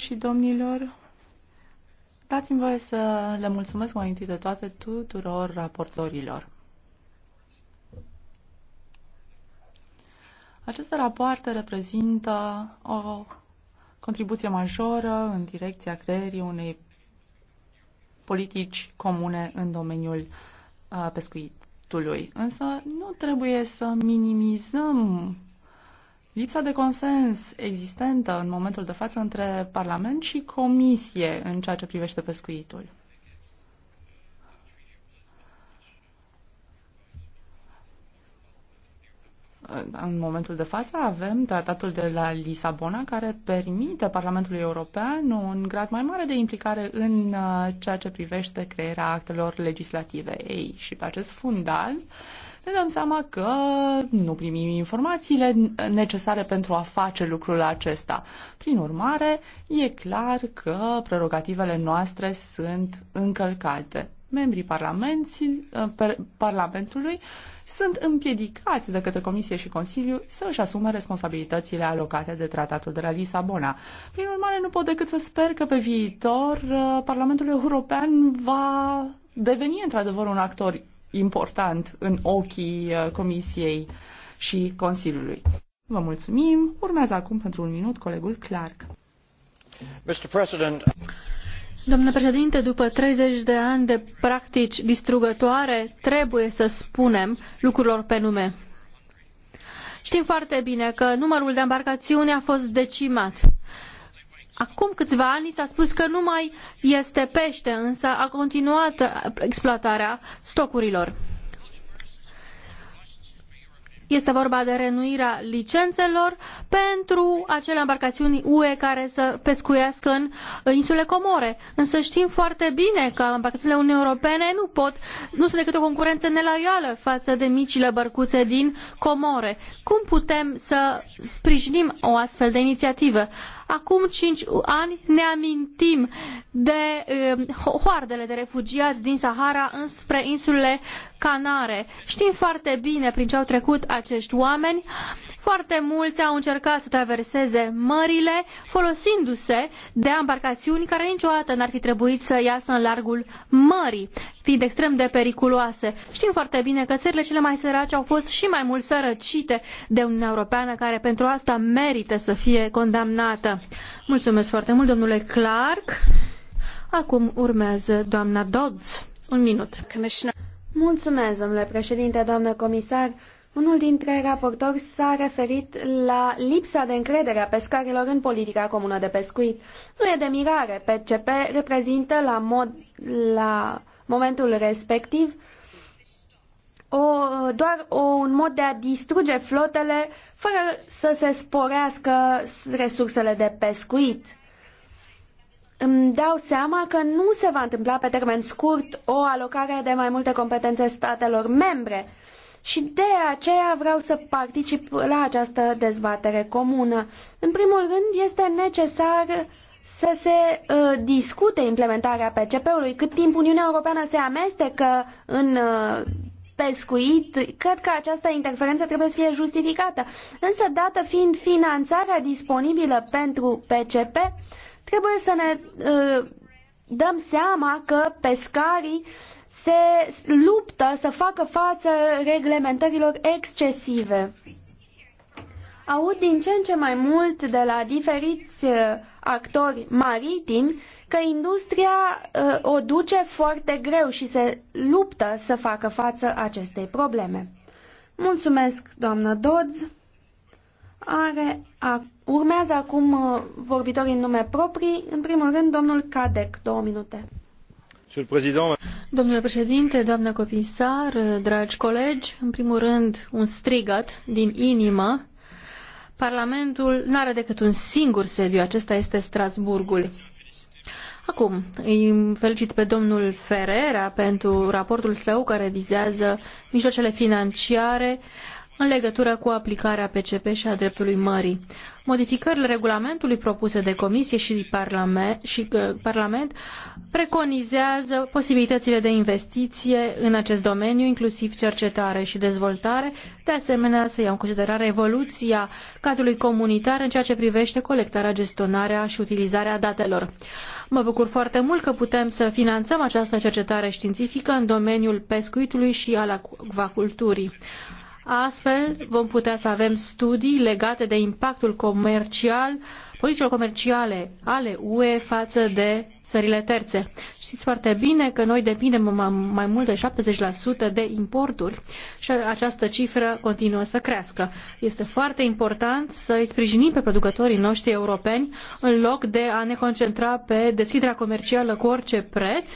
C: și domnilor, dați-mi voie să le mulțumesc mai întâi de toate tuturor raportorilor. Aceste rapoarte reprezintă o contribuție majoră în direcția creierii unei politici comune în domeniul uh, pescuitului. Însă nu trebuie să minimizăm lipsa de consens existentă în momentul de față între Parlament și Comisie în ceea ce privește pescuitul. În momentul de față avem tratatul de la Lisabona care permite Parlamentului European un grad mai mare de implicare în uh, ceea ce privește crearea actelor legislative. Ei, și pe acest fundal ne dăm seama că nu primim informațiile necesare pentru a face lucrul acesta. Prin urmare, e clar că prerogativele noastre sunt încălcate membrii eh, Parlamentului sunt împiedicați de către Comisie și Consiliu să își asume responsabilitățile alocate de Tratatul de la Lisabona. Prin urmare, nu pot decât să sper că pe viitor eh, Parlamentul European va deveni într-adevăr un actor important în ochii eh, Comisiei și Consiliului. Vă mulțumim. Urmează acum pentru
A: un minut colegul Clark.
E: Mr. President...
A: Domnule președinte, după 30 de ani de practici distrugătoare, trebuie să spunem lucrurilor pe nume. Știm foarte bine că numărul de embarcațiuni a fost decimat. Acum câțiva ani s-a spus că nu mai este pește, însă a continuat exploatarea stocurilor. Este vorba de renuirea licențelor pentru acele embarcațiuni UE care să pescuiască în insule Comore. Însă știm foarte bine că embarcațiunile Uniunii Europene nu pot, nu sunt decât o concurență neloială față de micile bărcuțe din Comore. Cum putem să sprijinim o astfel de inițiativă? acum cinci ani ne amintim de um, hoardele de refugiați din Sahara înspre insulele Canare. Știm foarte bine prin ce au trecut acești oameni foarte mulți au încercat să traverseze mările folosindu-se de embarcațiuni care niciodată n-ar fi trebuit să iasă în largul mării, fiind extrem de periculoase. Știm foarte bine că țările cele mai sărace au fost și mai mult sărăcite de Uniunea Europeană, care pentru asta merită să fie condamnată. Mulțumesc foarte mult, domnule Clark. Acum urmează doamna Dodds. Un minut. Mulțumesc, domnule președinte, doamnă
D: comisar. Unul dintre raportori s-a referit la lipsa de încredere a pescarilor în politica comună de pescuit. Nu e de mirare, PCP reprezintă la, mod, la momentul respectiv o, doar o, un mod de a distruge flotele fără să se sporească resursele de pescuit. Îmi dau seama că nu se va întâmpla pe termen scurt o alocare de mai multe competențe statelor membre și de aceea vreau să particip la această dezbatere comună. În primul rând, este necesar să se uh, discute implementarea PCP-ului. Cât timp Uniunea Europeană se amestecă în uh, pescuit, cred că această interferență trebuie să fie justificată. Însă, dată fiind finanțarea disponibilă pentru PCP, trebuie să ne uh, dăm seama că pescarii se luptă să facă față reglementărilor excesive. Aud din ce în ce mai mult de la diferiți uh, actori maritimi că industria uh, o duce foarte greu și se luptă să facă față acestei probleme. Mulțumesc, doamnă Dodds. Are, a, urmează acum uh, vorbitorii în nume proprii. În primul rând, domnul Cadec, două minute.
A: Domnule președinte, doamnă comisar, uh, dragi colegi, în primul rând un strigat din inimă. Parlamentul nu are decât un singur sediu, acesta este Strasburgul. Acum, îi felicit pe domnul Ferreira pentru raportul său care vizează mijloacele financiare uh, în legătură cu aplicarea PCP și a dreptului mării. Modificările regulamentului propuse de Comisie și Parlament, și, uh, parlament preconizează posibilitățile de investiție în acest domeniu, inclusiv cercetare și dezvoltare, de asemenea să ia în considerare evoluția cadrului comunitar în ceea ce privește colectarea, gestionarea și utilizarea datelor. Mă bucur foarte mult că putem să finanțăm această cercetare științifică în domeniul pescuitului și al acvaculturii. Astfel vom putea să avem studii legate de impactul comercial, politicilor comerciale ale UE față de țările terțe. Știți foarte bine că noi depindem mai mult de 70% de importuri și această cifră continuă să crească. Este foarte important să îi sprijinim pe producătorii noștri europeni în loc de a ne concentra pe deschiderea comercială cu orice preț,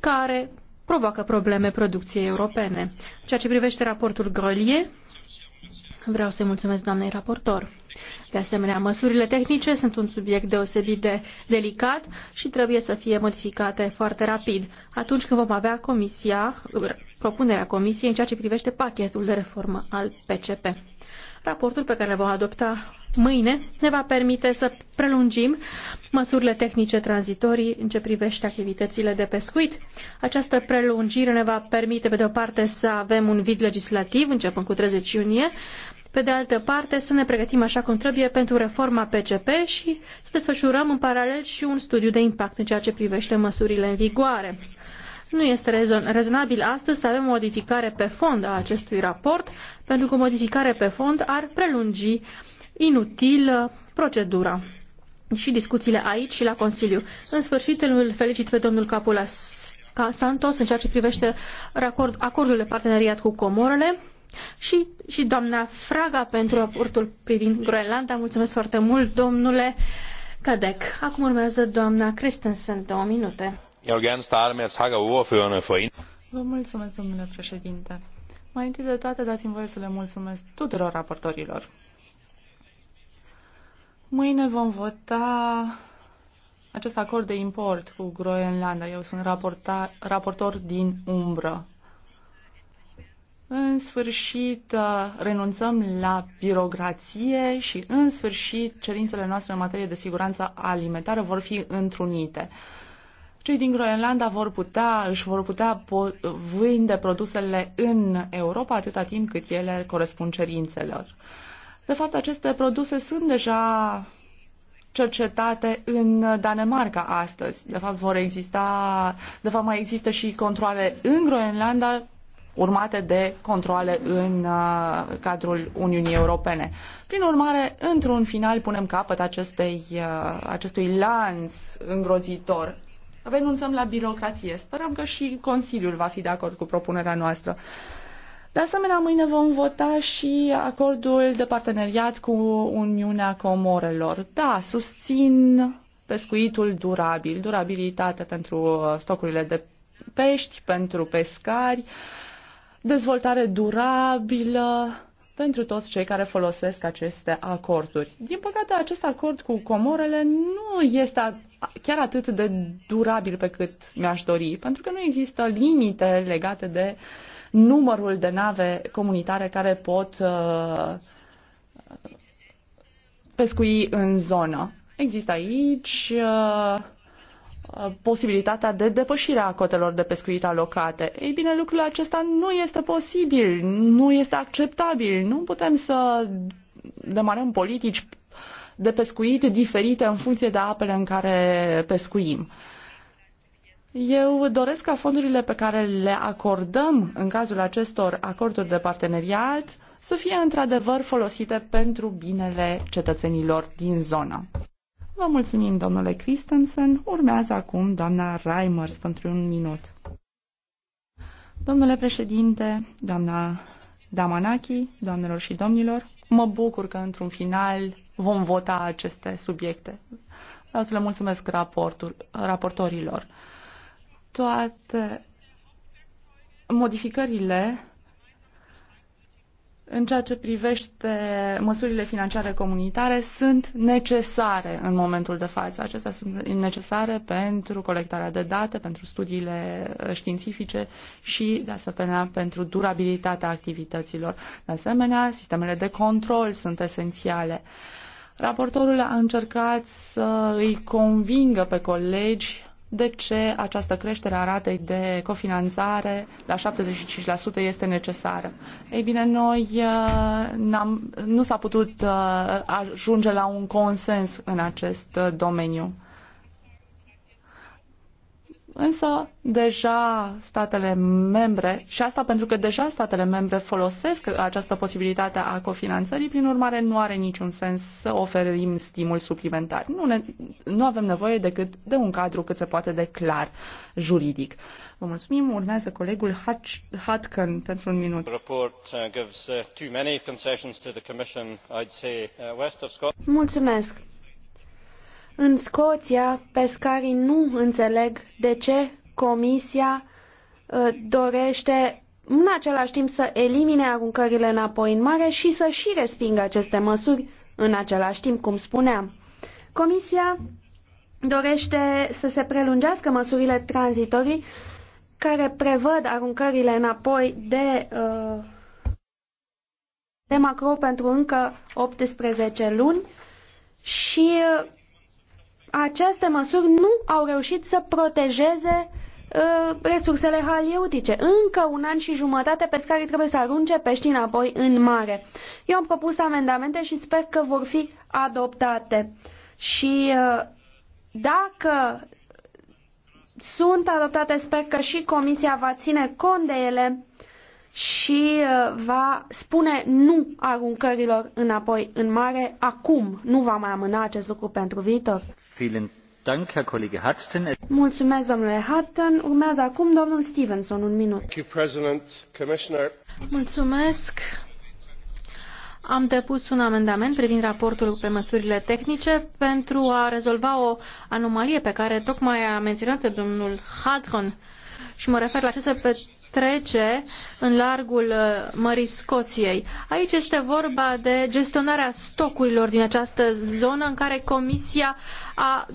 A: care provoacă probleme producției europene. Ceea ce privește raportul Grolier, vreau să-i mulțumesc doamnei raportor. De asemenea, măsurile tehnice sunt un subiect deosebit de delicat și trebuie să fie modificate foarte rapid, atunci când vom avea comisia, propunerea comisiei în ceea ce privește pachetul de reformă al PCP. Raportul pe care îl vom adopta mâine ne va permite să prelungim măsurile tehnice tranzitorii în ce privește activitățile de pescuit. Această prelungire ne va permite, pe de o parte, să avem un vid legislativ începând cu 30 iunie, pe de altă parte să ne pregătim așa cum trebuie pentru reforma PCP și să desfășurăm în paralel și un studiu de impact în ceea ce privește măsurile în vigoare. Nu este rezon rezonabil astăzi să avem o modificare pe fond a acestui raport, pentru că o modificare pe fond ar prelungi inutilă procedura și discuțiile aici și la Consiliu. În sfârșit, îl felicit pe domnul Capula Santos în ceea ce privește racord, acordul de parteneriat cu Comorele și, și doamna Fraga pentru raportul privind Groenlanda. Mulțumesc foarte mult, domnule Cadec. Acum urmează doamna Christensen, două minute. Eu Vă mulțumesc, domnule președinte. Mai întâi de toate,
C: dați-mi voie să le mulțumesc tuturor raportorilor. Mâine vom vota acest acord de import cu Groenlanda. Eu sunt raporta, raportor din umbră. În sfârșit, uh, renunțăm la birocrație și, în sfârșit, cerințele noastre în materie de siguranță alimentară vor fi întrunite. Cei din Groenlanda vor putea, își vor putea vinde produsele în Europa atâta timp cât ele corespund cerințelor. De fapt, aceste produse sunt deja cercetate în Danemarca astăzi. De fapt, vor exista, de fapt mai există și controle în Groenlanda urmate de controle în uh, cadrul Uniunii Europene. Prin urmare, într-un final punem capăt acestei, uh, acestui lanț îngrozitor. Renunțăm la birocrație. Sperăm că și Consiliul va fi de acord cu propunerea noastră. Uh, de asemenea, mâine vom vota și acordul de parteneriat cu Uniunea Comorelor. Da, susțin pescuitul durabil, durabilitate pentru uh, stocurile de pești, pentru pescari, dezvoltare durabilă pentru toți cei care folosesc aceste acorduri. Din păcate, acest acord cu comorele nu este chiar atât de durabil pe cât mi-aș dori, pentru că nu există limite legate de uh, numărul de nave comunitare care pot uh, pescui în zonă. Există aici uh, posibilitatea de depășire a cotelor de pescuit alocate. Ei bine, lucrul acesta nu este posibil, nu este acceptabil. Nu putem să demarăm politici de pescuit diferite în funcție de apele în care pescuim. Uh, eu doresc ca fondurile pe care le acordăm în cazul acestor acorduri de parteneriat să fie într-adevăr folosite pentru binele cetățenilor din zonă. Vă mulțumim, domnule Christensen. Urmează acum doamna Reimers pentru un minut. Domnule președinte, doamna Damanaki, doamnelor și domnilor, mă bucur că într-un final vom vota aceste subiecte. Vreau să le mulțumesc raportul, raportorilor toate modificările în ceea ce privește măsurile financiare comunitare sunt necesare în momentul de față. Acestea sunt necesare pentru colectarea de date, pentru studiile uh, științifice și, de asemenea, pentru durabilitatea activităților. De asemenea, sistemele de control sunt esențiale. Raportorul a încercat să îi convingă pe colegi de ce această creștere a ratei de cofinanțare la 75% este necesară. Ei bine, noi uh, nu s-a putut uh, ajunge la un consens în acest uh, domeniu. Însă deja statele membre, și asta pentru că deja statele membre folosesc această posibilitate a cofinanțării, prin urmare nu are niciun sens să oferim stimul suplimentar. Nu, ne, nu avem nevoie decât de un cadru cât se poate de clar juridic. Vă mulțumim. Urmează colegul Hatken pentru un minut.
B: Uh, uh, uh,
D: Mulțumesc. În Scoția, pescarii nu înțeleg de ce Comisia ă, dorește în același timp să elimine aruncările înapoi în mare și să și respingă aceste măsuri în același timp, cum spuneam. Comisia dorește să se prelungească măsurile tranzitorii care prevăd aruncările înapoi de, ă, de macro pentru încă 18 luni și ă, aceste măsuri nu au reușit să protejeze uh, resursele halieutice. Încă un an și jumătate pescarii trebuie să arunce pești înapoi în mare. Eu am propus amendamente și sper că vor fi adoptate. Și uh, dacă sunt adoptate, sper că și Comisia va ține cont de ele și uh, va spune nu aruncărilor înapoi în mare acum. Nu va mai amâna acest lucru pentru viitor. Mulțumesc,
A: Am depus un amendament privind raportul pe măsurile tehnice pentru a rezolva o anomalie pe care tocmai a menționat domnul Hadron și mă refer la ce se trece în largul uh, Mării Scoției. Aici este vorba de gestionarea stocurilor din această zonă în care Comisia a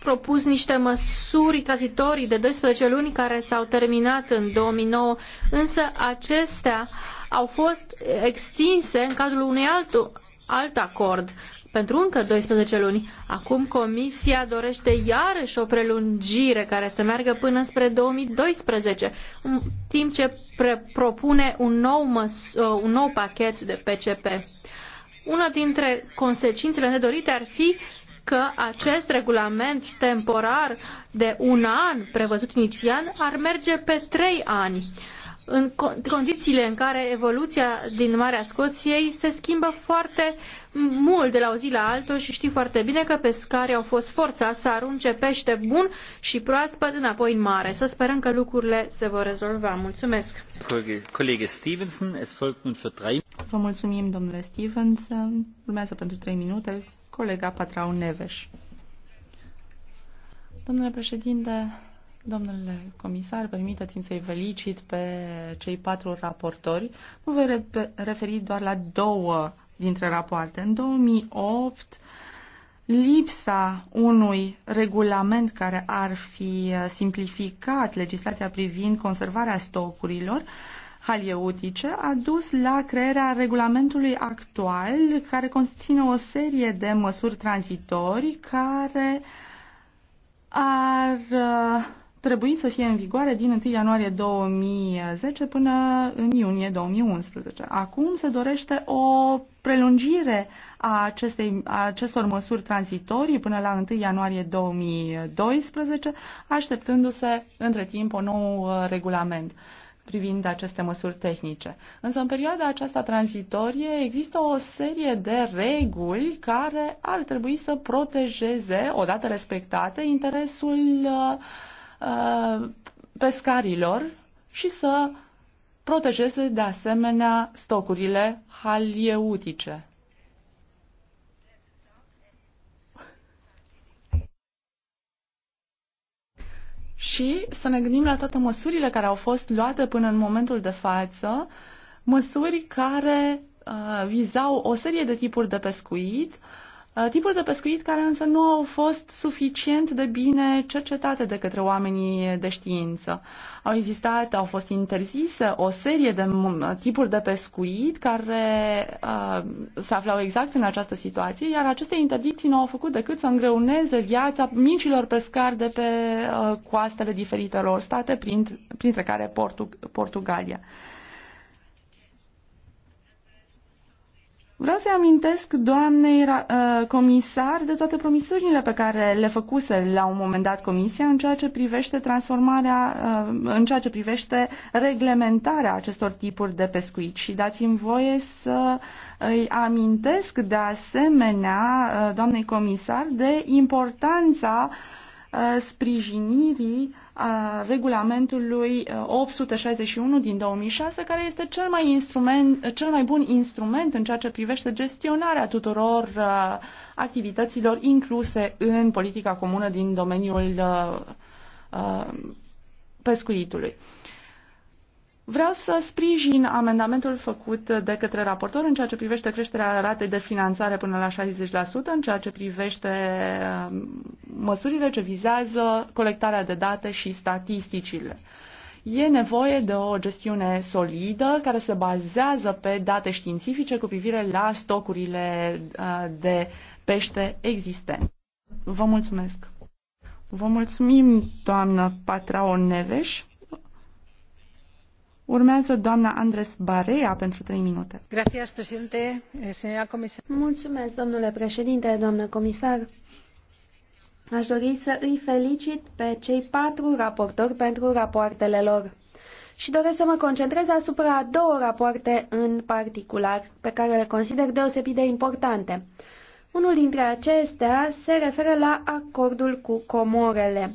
A: propus niște măsuri tranzitorii de 12 luni care s-au terminat în 2009, însă acestea au fost extinse în cadrul unui alt, alt acord pentru încă 12 luni. Acum Comisia dorește iarăși o prelungire care să meargă până spre 2012, în timp ce propune un nou, uh, un nou pachet de PCP. Una dintre consecințele nedorite ar fi că acest regulament temporar de un an prevăzut inițial ar merge pe trei ani în condițiile în care evoluția din Marea Scoției se schimbă foarte mult de la o zi la altă și știi foarte bine că pescarii au fost forțați să arunce pește bun și proaspăt înapoi în mare. Să sperăm că lucrurile se vor rezolva. Mulțumesc!
B: Colegă Stevenson, es folgt nun für
C: Vă mulțumim, domnule Stevenson. Urmează pentru 3 minute colega Patrau Neves. Domnule președinte, Domnule comisar, permiteți-mi să-i felicit pe cei patru raportori. Mă voi referi doar la două dintre rapoarte. În 2008, lipsa unui regulament care ar fi uh, simplificat legislația privind conservarea stocurilor halieutice a dus la crearea regulamentului actual care conține o serie de măsuri tranzitorii care ar uh, Trebuie să fie în vigoare din 1 ianuarie 2010 până în iunie 2011. Acum se dorește o prelungire a, acestei, a acestor măsuri tranzitorii până la 1 ianuarie 2012, așteptându-se între timp o nou uh, regulament privind aceste măsuri tehnice. Însă în perioada aceasta tranzitorie există o serie de reguli care ar trebui să protejeze, odată respectate, interesul uh, Uh, pescarilor și să protejeze de asemenea stocurile halieutice. Și să ne gândim la toate măsurile care au fost luate până în momentul de față, măsuri care uh, vizau o serie de tipuri de pescuit, uh, Uh, tipuri de pescuit care însă nu au fost suficient de bine cercetate de către oamenii de știință. Au existat, au fost interzise o serie de tipuri de pescuit care uh, se aflau exact în această situație, iar aceste interdicții nu au făcut decât să îngreuneze viața micilor pescari de pe uh, coastele diferitelor state, print, printre care Portu- Portugalia. Vreau să-i amintesc doamnei uh, comisar de toate promisiunile pe care le făcuse la un moment dat comisia în ceea ce privește transformarea, uh, în ceea ce privește reglementarea acestor tipuri de pescuit și dați-mi voie să îi amintesc de asemenea uh, doamnei comisar de importanța sprijinirii a regulamentului 861 uh, din 2006, care este cel mai, instrument, cel mai bun instrument în ceea ce privește gestionarea tuturor uh, activităților incluse în politica comună din domeniul uh, pescuitului. Vreau să sprijin amendamentul făcut de către raportor în ceea ce privește creșterea ratei de finanțare până la 60%, în ceea ce privește um, măsurile ce vizează colectarea de date și statisticile. E nevoie de o gestiune solidă care se bazează pe date științifice cu privire la stocurile uh, de pește existente. Vă mulțumesc! Vă mulțumim, doamnă Patrao Neveș. Urmează doamna Andres Barea pentru 3 minute.
D: Gracias, președinte, eh, señora comisar. Mulțumesc, domnule președinte, doamnă comisar. Aș dori să îi felicit pe cei patru raportori pentru rapoartele lor. Și doresc să mă concentrez asupra două rapoarte în particular, pe care le consider deosebit de importante. Unul dintre acestea se referă la acordul cu Comorele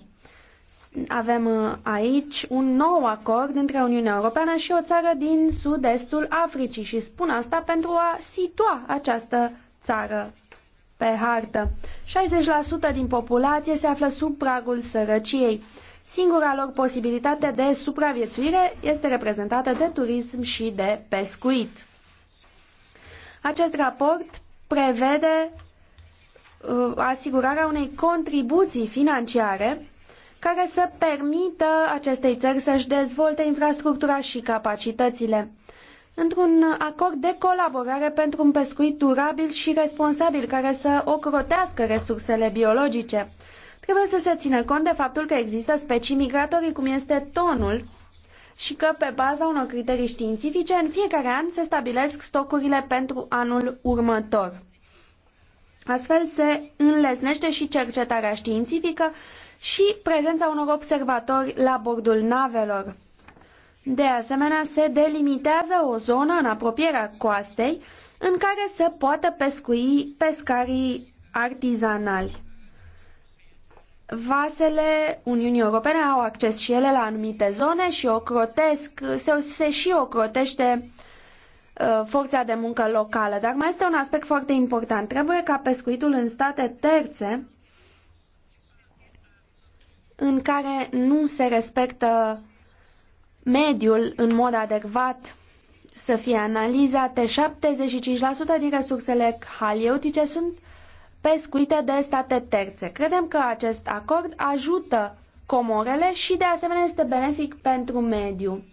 D: avem uh, aici un nou acord între Uniunea Europeană și o țară din sud-estul Africii și spun asta pentru a situa această țară pe hartă. 60% din populație se află sub pragul sărăciei. Singura lor posibilitate de supraviețuire este reprezentată de turism și de pescuit. Acest raport prevede uh, asigurarea unei contribuții financiare care să permită acestei țări să-și dezvolte infrastructura și capacitățile într-un acord de colaborare pentru un pescuit durabil și responsabil care să ocrotească resursele biologice. Trebuie să se țină cont de faptul că există specii migratorii, cum este tonul, și că pe baza unor criterii științifice, în fiecare an se stabilesc stocurile pentru anul următor. Astfel se înlesnește și cercetarea științifică și prezența unor observatori la bordul navelor. De asemenea, se delimitează o zonă în apropierea coastei în care se poată pescui pescarii artizanali. Vasele Uniunii Europene au acces și ele la anumite zone și ocrotesc, se, se și ocrotește uh, forța de muncă locală. Dar mai este un aspect foarte important. Trebuie ca pescuitul în state terțe în care nu se respectă mediul în mod adecvat să fie analizate. 75% din resursele halieutice sunt pescuite de state terțe. Credem că acest acord ajută comorele și de asemenea este benefic pentru mediu.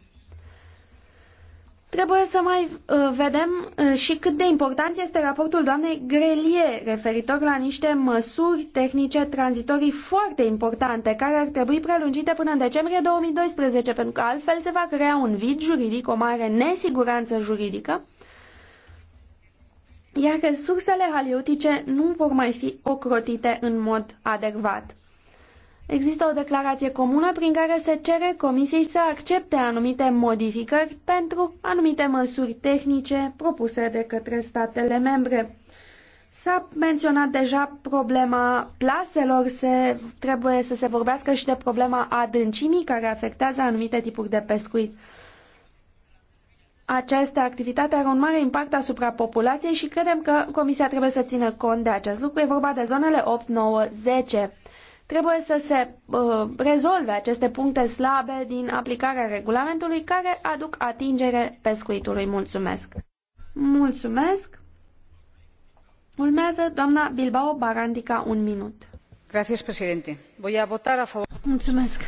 D: Trebuie să mai uh, vedem uh, și cât de important este raportul doamnei Grelie referitor la niște măsuri tehnice tranzitorii foarte importante care ar trebui prelungite până în decembrie 2012 pentru că altfel se va crea un vid juridic, o mare nesiguranță juridică iar resursele haliotice nu vor mai fi ocrotite în mod adecvat. Există o declarație comună prin care se cere Comisiei să accepte anumite modificări pentru anumite măsuri tehnice propuse de către statele membre. S-a menționat deja problema plaselor, se, trebuie să se vorbească și de problema adâncimii care afectează anumite tipuri de pescuit. Această activitate are un mare impact asupra populației și credem că Comisia trebuie să țină cont de acest lucru. E vorba de zonele 8, 9, 10. Trebuie să se uh, rezolve aceste puncte slabe din aplicarea regulamentului care aduc atingere pescuitului. Mulțumesc! Mulțumesc! Urmează doamna Bilbao Barandica un
A: minut. Gracias, presidente. Voy a votar a favor. Mulțumesc!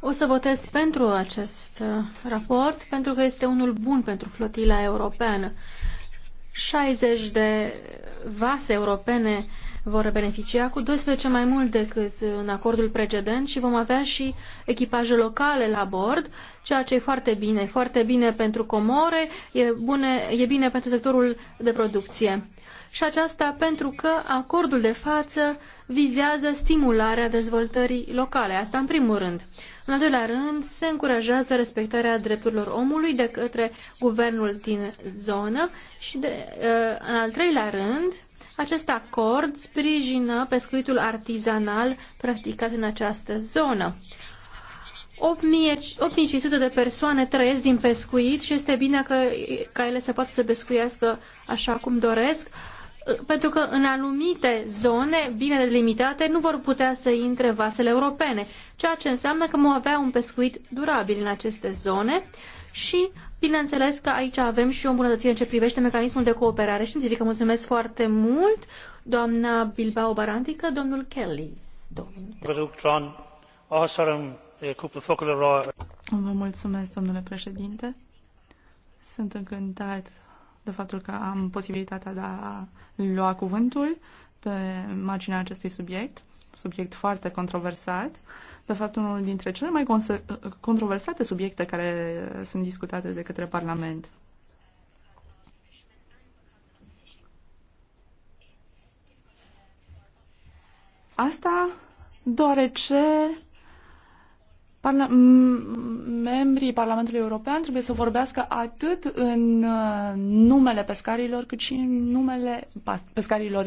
A: O să votez pentru acest uh, raport pentru că este unul bun pentru flotila europeană. 60 de vase europene vor beneficia cu 12 mai mult decât în acordul precedent și vom avea și echipaje locale la bord, ceea ce e foarte bine. foarte bine pentru comore, e, bune, e bine pentru sectorul de producție. Și aceasta pentru că acordul de față vizează stimularea dezvoltării locale, asta în primul rând. În al doilea rând, se încurajează respectarea drepturilor omului de către guvernul din zonă și, de, uh, în al treilea rând, acest acord sprijină pescuitul artizanal practicat în această zonă. 8500 de persoane trăiesc din pescuit și este bine că, că ele se pot să pescuiască așa cum doresc, pentru că în anumite zone bine delimitate nu vor putea să intre vasele europene, ceea ce înseamnă că vom avea un pescuit durabil în aceste zone și Bineînțeles că aici avem și o îmbunătățire în ce privește mecanismul de cooperare științifică. Mulțumesc foarte mult, doamna Bilbao Barantică, domnul Kelly.
C: Vă mulțumesc, domnule președinte. Sunt încântat de faptul că am posibilitatea de a lua cuvântul pe marginea acestui subiect subiect foarte controversat, de fapt unul dintre cele mai controversate subiecte care sunt discutate de către Parlament. Asta deoarece Parla- membrii Parlamentului European trebuie să vorbească atât în uh, numele pescarilor, cât și în numele pescarilor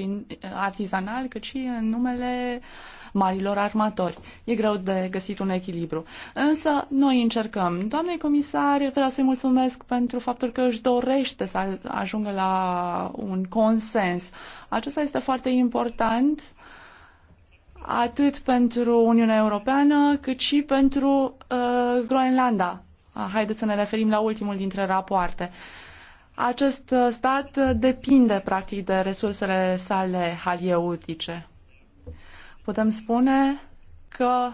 C: artizanali, cât și în numele marilor armatori. E greu de găsit un echilibru. Însă noi încercăm. Doamnei comisar, vreau să-i mulțumesc pentru faptul că își dorește să ajungă la un consens. Acesta este foarte important atât pentru Uniunea Europeană, cât și pentru uh, Groenlanda. Ah, haideți să ne referim la ultimul dintre rapoarte. Acest uh, stat depinde, practic, de resursele sale halieutice. Putem spune că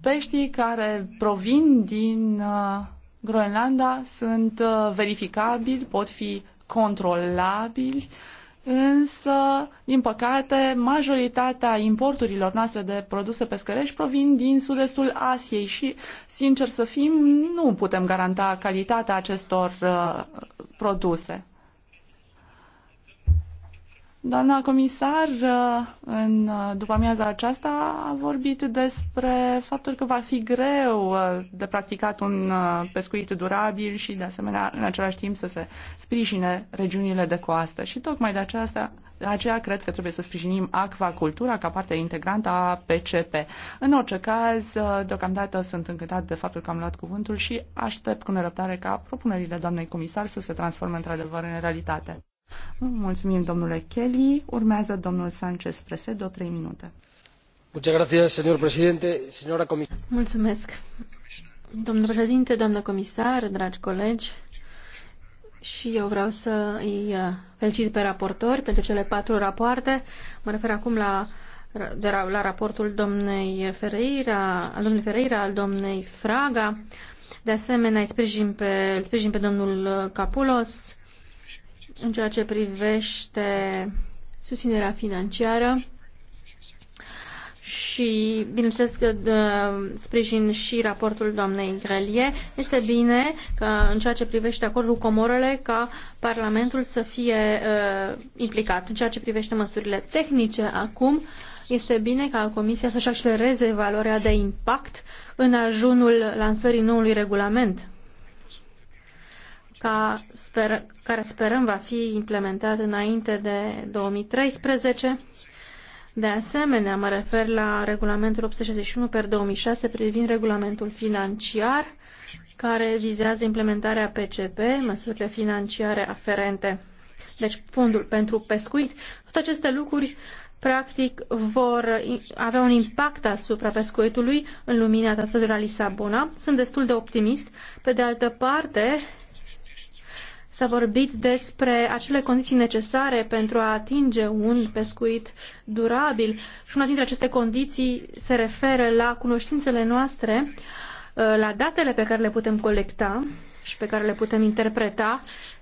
C: peștii care provin din uh, Groenlanda sunt uh, verificabili, pot fi controlabili, uh, însă, din păcate, majoritatea importurilor noastre de produse pescărești provin din sud-estul Asiei și, sincer să fim, nu putem garanta calitatea acestor uh, produse. Doamna comisar, uh, în uh, după amiaza aceasta, a vorbit despre faptul că va fi greu uh, de practicat un pescuit durabil și, de asemenea, în același timp să se sprijine regiunile de coastă. Și tocmai de aceasta de aceea cred că trebuie să sprijinim acvacultura ca parte integrantă a PCP. În orice caz, deocamdată sunt încântat de faptul că am luat cuvântul și aștept cu nerăbdare ca propunerile doamnei comisar să se transforme într-adevăr în realitate. Mulțumim, domnule Kelly.
A: Urmează domnul Sanchez Presedo, trei minute. Mulțumesc. Domnule președinte, doamnă comisar, dragi colegi, și eu vreau să îi uh, felicit pe raportori pentru cele patru rapoarte. Mă refer acum la, de la, la raportul domnei Ferreira, al domnului Ferreira, al domnei Fraga. De asemenea, îi sprijin pe, îl sprijin pe domnul uh, Capulos, în ceea ce privește susținerea financiară și, bineînțeles că sprijin și raportul doamnei Grelie, este bine că în ceea ce privește acordul Comorele ca Parlamentul să fie uh, implicat. În ceea ce privește măsurile tehnice acum, este bine ca Comisia să-și accelereze valoarea de impact în ajunul lansării noului regulament ca sper, care sperăm va fi implementat înainte de 2013. De asemenea, mă refer la regulamentul 861 per 2006 privind regulamentul financiar care vizează implementarea PCP, măsurile financiare aferente, deci fondul pentru pescuit. Toate aceste lucruri practic vor avea un impact asupra pescuitului în lumina tratatului la Lisabona. Sunt destul de optimist. Pe de altă parte, S-a vorbit despre acele condiții necesare pentru a atinge un pescuit durabil și una dintre aceste condiții se referă la cunoștințele noastre, uh, la datele pe care le putem colecta și pe care le putem interpreta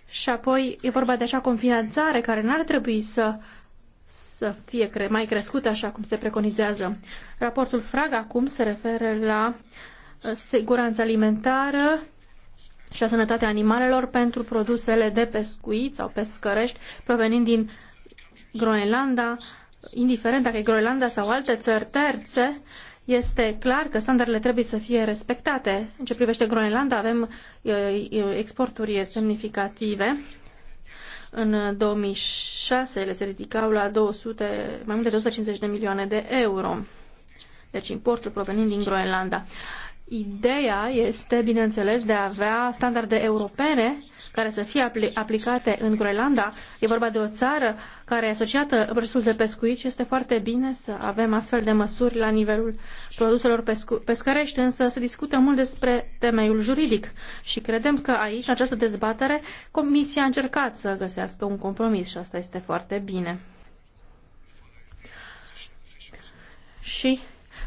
A: și apoi e vorba de așa confinanțare care n-ar trebui să să fie cre- mai crescută așa cum se preconizează. Raportul FRAG acum se referă la uh, siguranța alimentară, și a sănătatea animalelor pentru produsele de pescuit sau pescărești provenind din Groenlanda, indiferent dacă e Groenlanda sau alte țări terțe, este clar că standardele trebuie să fie respectate. În ce privește Groenlanda, avem exporturi semnificative. În 2006 ele se ridicau la 200, mai mult de 250 de milioane de euro. Deci importul provenind din Groenlanda. Uh, Ideea este, bineînțeles, de a avea standarde europene care să fie apl aplicate în Groenlanda. E vorba de o țară care e asociată procesul de pescuit și este foarte bine să avem astfel de măsuri la nivelul produselor pescu- pescărești, însă se discută mult despre temeiul juridic și credem că aici, în această dezbatere, Comisia a încercat să găsească un compromis și asta este foarte bine. Și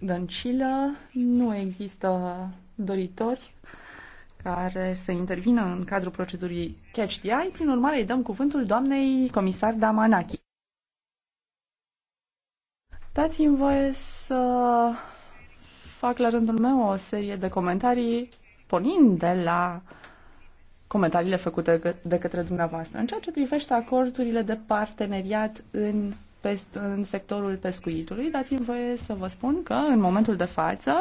C: dăncilă. Nu există doritori care să intervină în cadrul procedurii Catch the Eye. Prin urmare, îi dăm cuvântul doamnei comisar Damanaki. Dați-mi voie să fac la rândul meu o serie de comentarii pornind de la comentariile făcute de către dumneavoastră. În ceea ce privește acordurile de parteneriat în în sectorul pescuitului, dați-mi voie să vă spun că în momentul de față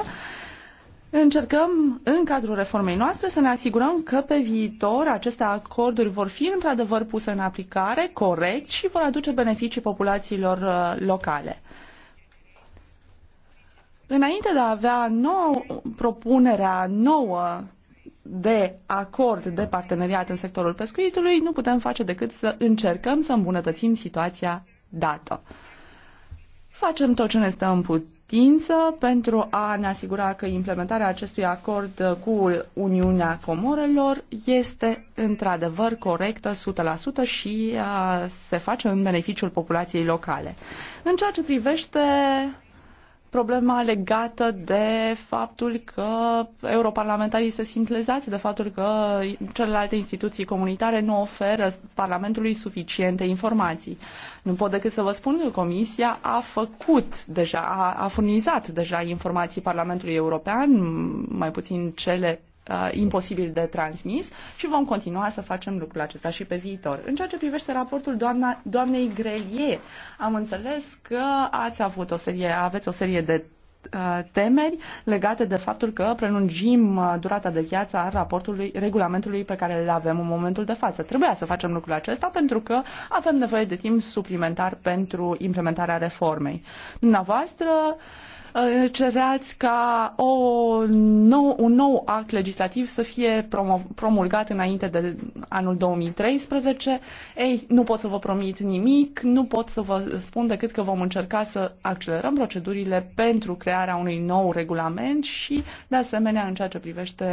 C: Încercăm, în cadrul reformei noastre, să ne asigurăm că pe viitor aceste acorduri vor fi într-adevăr puse în aplicare corect și vor aduce beneficii populațiilor uh, locale. Înainte de a avea nou, propunerea nouă de acord de parteneriat în sectorul pescuitului, nu putem face decât să încercăm să îmbunătățim situația dată. Facem tot ce ne stă în putință pentru a ne asigura că implementarea acestui acord cu Uniunea Comorelor este într-adevăr corectă 100% și uh, se face în beneficiul populației locale. În ceea ce privește problema legată de faptul că europarlamentarii se simt lezați, de faptul că celelalte instituții comunitare nu oferă Parlamentului suficiente informații. Nu pot decât să vă spun că Comisia a făcut deja, a, a furnizat deja informații Parlamentului European, mai puțin cele uh, imposibil de transmis și vom continua să facem lucrul acesta și pe viitor. În ceea ce privește raportul doamna, doamnei Grelie, am înțeles că ați avut o serie, aveți o serie de uh, temeri legate de faptul că prelungim uh, durata de viață a raportului, regulamentului pe care îl avem în momentul de față. Trebuia să facem lucrul acesta pentru că avem nevoie de timp suplimentar pentru implementarea reformei. Dumneavoastră, Uh, cereați ca o nou, un nou act legislativ să fie promulgat înainte de anul 2013. Ei, nu pot să vă promit nimic, nu pot să vă spun decât că vom încerca să accelerăm procedurile pentru crearea unui nou regulament și, de asemenea, în ceea ce privește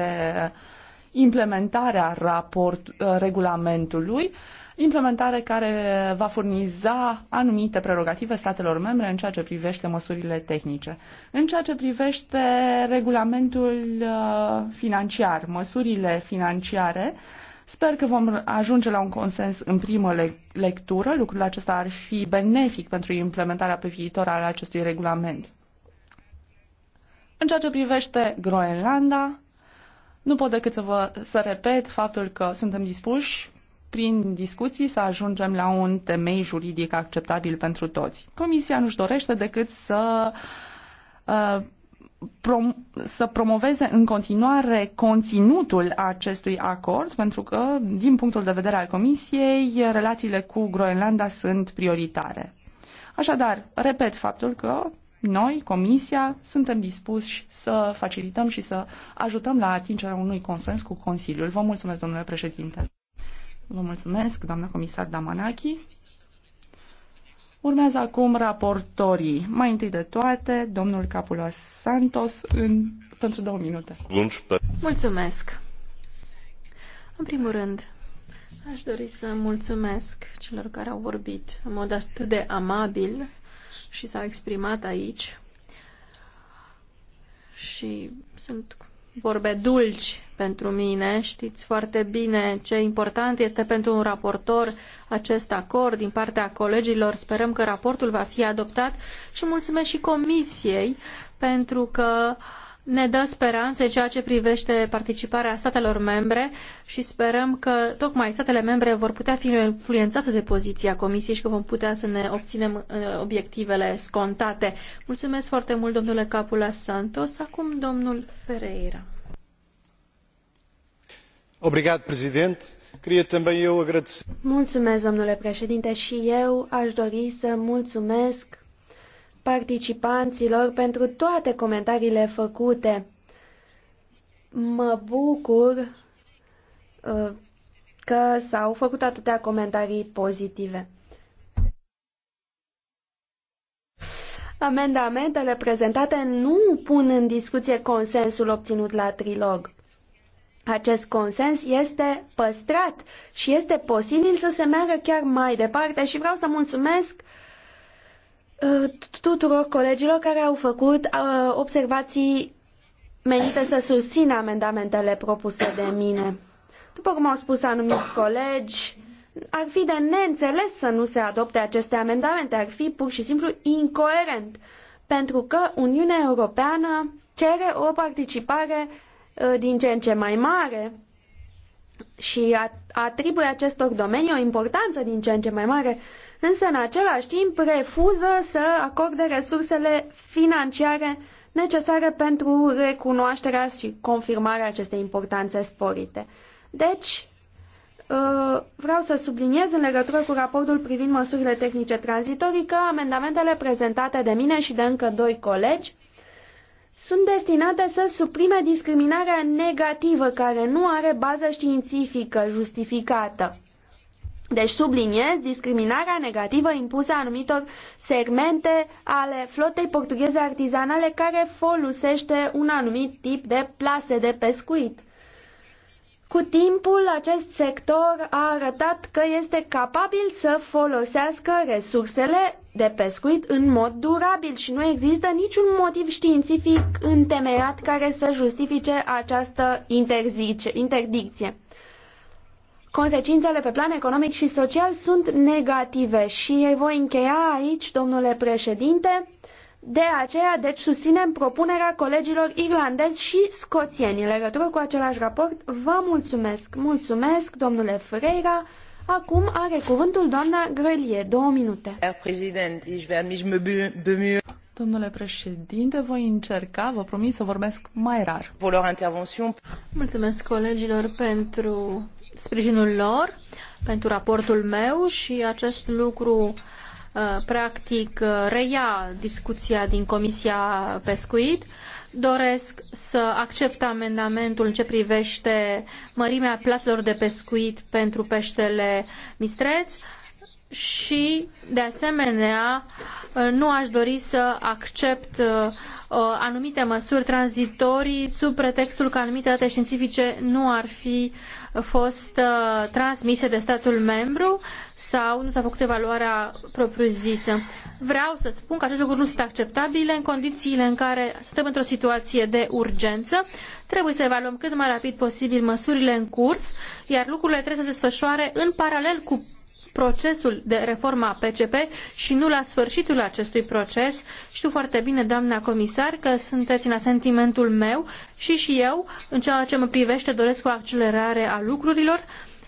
C: implementarea raport, uh, regulamentului implementare care va furniza anumite prerogative statelor membre în ceea ce privește măsurile tehnice. În ceea ce privește regulamentul uh, financiar, măsurile financiare, Sper că vom ajunge la un consens în primă lectură. Lucrul acesta ar fi benefic pentru implementarea pe viitor al acestui regulament. În ceea ce privește Groenlanda, nu pot decât să, vă, să repet faptul că suntem dispuși prin discuții să ajungem la un temei juridic acceptabil pentru toți. Comisia nu-și dorește decât să uh, prom să promoveze în continuare conținutul acestui acord, pentru că, din punctul de vedere al Comisiei, relațiile cu Groenlanda sunt prioritare. Așadar, repet faptul că noi, Comisia, suntem dispuși să facilităm și să ajutăm la atingerea unui consens cu Consiliul. Vă mulțumesc, domnule președinte. Vă mulțumesc, doamna comisar Damanaki. Urmează acum raportorii. Mai întâi de toate, domnul Capula Santos în, pentru două minute. Mulțumesc.
A: În primul rând, aș dori să mulțumesc celor care au vorbit în mod atât de amabil și s-au exprimat aici. Și sunt vorbe dulci pentru mine. Știți foarte bine ce important este pentru un raportor acest acord din partea colegilor. Sperăm că raportul va fi adoptat și mulțumesc și comisiei pentru că uh, ne dă speranțe ceea ce privește participarea statelor membre și sperăm că tocmai statele membre vor putea fi influențate de poziția Comisiei și că vom putea să ne obținem uh, obiectivele scontate. Mulțumesc foarte mult, domnule Capula Santos. Acum, domnul Ferreira.
E: Obrigat, președinte. Cred também eu agradecer.
D: Mulțumesc, domnule președinte, și eu aș dori să mulțumesc participanților pentru toate comentariile făcute. Mă bucur uh, că s-au făcut atâtea comentarii pozitive. Amendamentele prezentate nu pun în discuție consensul obținut la trilog. Acest consens este păstrat și este posibil să se meargă chiar mai departe și vreau să mulțumesc uh, Uh, tuturor colegilor care au făcut uh, observații menite să susțină amendamentele propuse de mine. După cum au spus anumiți colegi, ar fi de neînțeles să nu se adopte aceste amendamente, ar fi pur și simplu incoerent, pentru că Uniunea Europeană cere o participare uh, din ce în ce mai mare și atribuie acestor domenii o importanță din ce în ce mai mare însă în același timp refuză să acorde resursele financiare necesare pentru recunoașterea și confirmarea acestei importanțe sporite. Deci, uh, vreau să subliniez în legătură cu raportul privind măsurile tehnice tranzitorii că amendamentele prezentate de mine și de încă doi colegi sunt destinate să suprime discriminarea negativă care nu are bază științifică justificată. Deci subliniez discriminarea negativă impusă anumitor segmente ale flotei portugheze artizanale care folosește un anumit tip de plase de pescuit. Cu timpul, acest sector a arătat că este capabil să folosească resursele de pescuit în mod durabil și nu există niciun motiv științific întemeiat care să justifice această interdicție. Consecințele pe plan economic și social sunt negative și voi încheia aici, domnule președinte. De aceea, deci, susținem propunerea colegilor irlandezi și scoțieni în legătură cu același raport. Vă mulțumesc! Mulțumesc, domnule Freira! Acum are cuvântul doamna Grelie. două minute.
C: Domnule președinte, voi încerca,
A: vă promit să vorbesc mai rar. Mulțumesc colegilor
B: pentru
A: sprijinul lor pentru raportul meu și acest lucru uh, practic uh, reia discuția din Comisia Pescuit. Doresc să accept amendamentul în ce privește mărimea plaselor de pescuit pentru peștele mistreț și, de asemenea, uh, nu aș dori să accept uh, uh, anumite măsuri tranzitorii sub pretextul că anumite date științifice nu ar fi fost transmise de statul membru sau nu s-a făcut evaluarea propriu-zisă. Vreau să spun că acest lucru nu sunt acceptabile în condițiile în care suntem într-o situație de urgență. Trebuie să evaluăm cât mai rapid posibil măsurile în curs, iar lucrurile trebuie să se desfășoare în paralel cu procesul de reformă a PCP și nu la sfârșitul acestui proces. Știu foarte bine, doamna comisar, că sunteți în asentimentul meu și și eu, în ceea ce mă privește, doresc o accelerare a lucrurilor.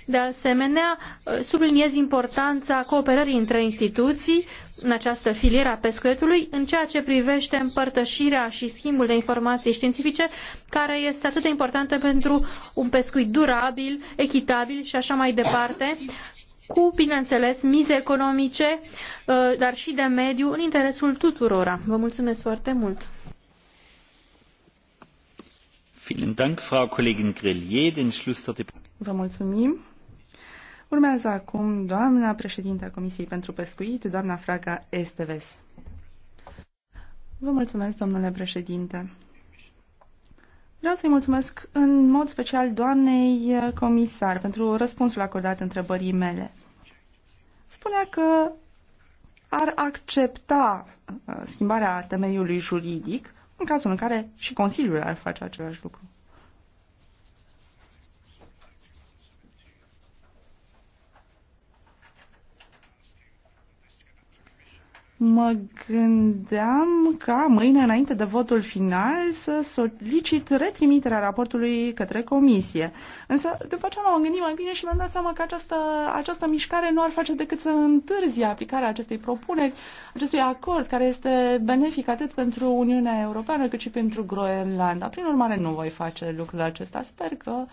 A: De asemenea, subliniez importanța cooperării între instituții în această filieră a pescuitului în ceea ce privește împărtășirea și schimbul de informații științifice, care este atât de importantă pentru un pescuit durabil, echitabil și așa mai departe cu, bineînțeles, mize economice, uh, dar și de mediu, în interesul tuturora. Vă mulțumesc foarte mult!
C: Vă mulțumim! Urmează acum doamna președinte a Comisiei pentru Pescuit, doamna Fraga Esteves. Vă mulțumesc, domnule președinte! Vreau să-i mulțumesc în mod special doamnei comisar pentru răspunsul acordat întrebării mele. Spunea că ar accepta uh, schimbarea temeiului juridic în cazul în care și Consiliul ar face același lucru. Mă gândeam ca mâine, înainte de votul final, să solicit retrimiterea raportului către comisie. Însă, după ce m-am gândit mai bine și mi-am dat seama că această, această mișcare nu ar face decât să întârzie aplicarea acestei propuneri, acestui acord care este benefic atât pentru Uniunea Europeană cât și pentru Groenlanda. Prin urmare, nu voi face lucrul acesta. Sper că uh,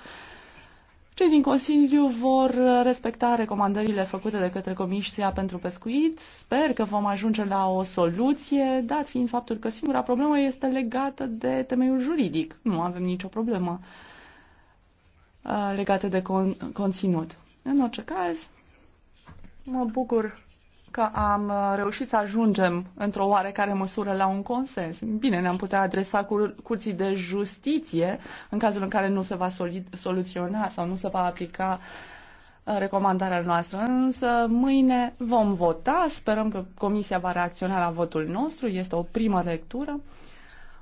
C: cei din Consiliu vor respecta recomandările făcute de către Comisia pentru Pescuit. Sper că vom ajunge la o soluție, dat fiind faptul că singura problemă este legată de temeiul juridic. Nu avem nicio problemă uh, legată de con- conținut. În orice caz, mă bucur că am uh, reușit să ajungem într-o oarecare măsură la un consens. Bine, ne-am putea adresa cur- curții de justiție în cazul în care nu se va soluționa sau nu se va aplica uh, recomandarea noastră, însă mâine vom vota, sperăm că comisia va reacționa la votul nostru, este o primă lectură.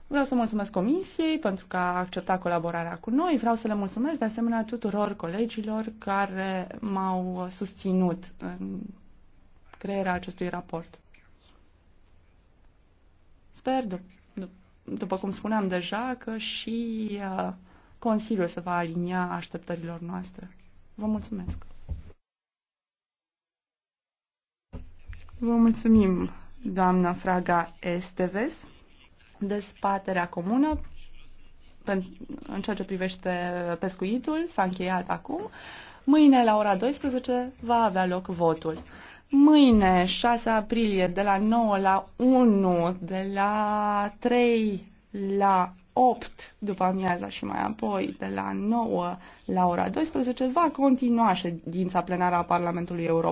C: Vreau să mulțumesc Comisiei pentru că a acceptat colaborarea cu noi. Vreau să le mulțumesc de asemenea tuturor colegilor care m-au susținut în crearea acestui raport. Sper, după cum spuneam deja, că și uh, Consiliul se va alinia așteptărilor noastre. Vă mulțumesc! Vă mulțumim, doamna Fraga Esteves. spaterea comună în ceea ce privește pescuitul s-a încheiat acum. Mâine, la ora 12, va avea loc votul. Mâine, 6 aprilie, de la 9 la 1, de la 3 la 8 după amiaza și mai apoi de la 9 la ora 12 va continua ședința plenară a Parlamentului European.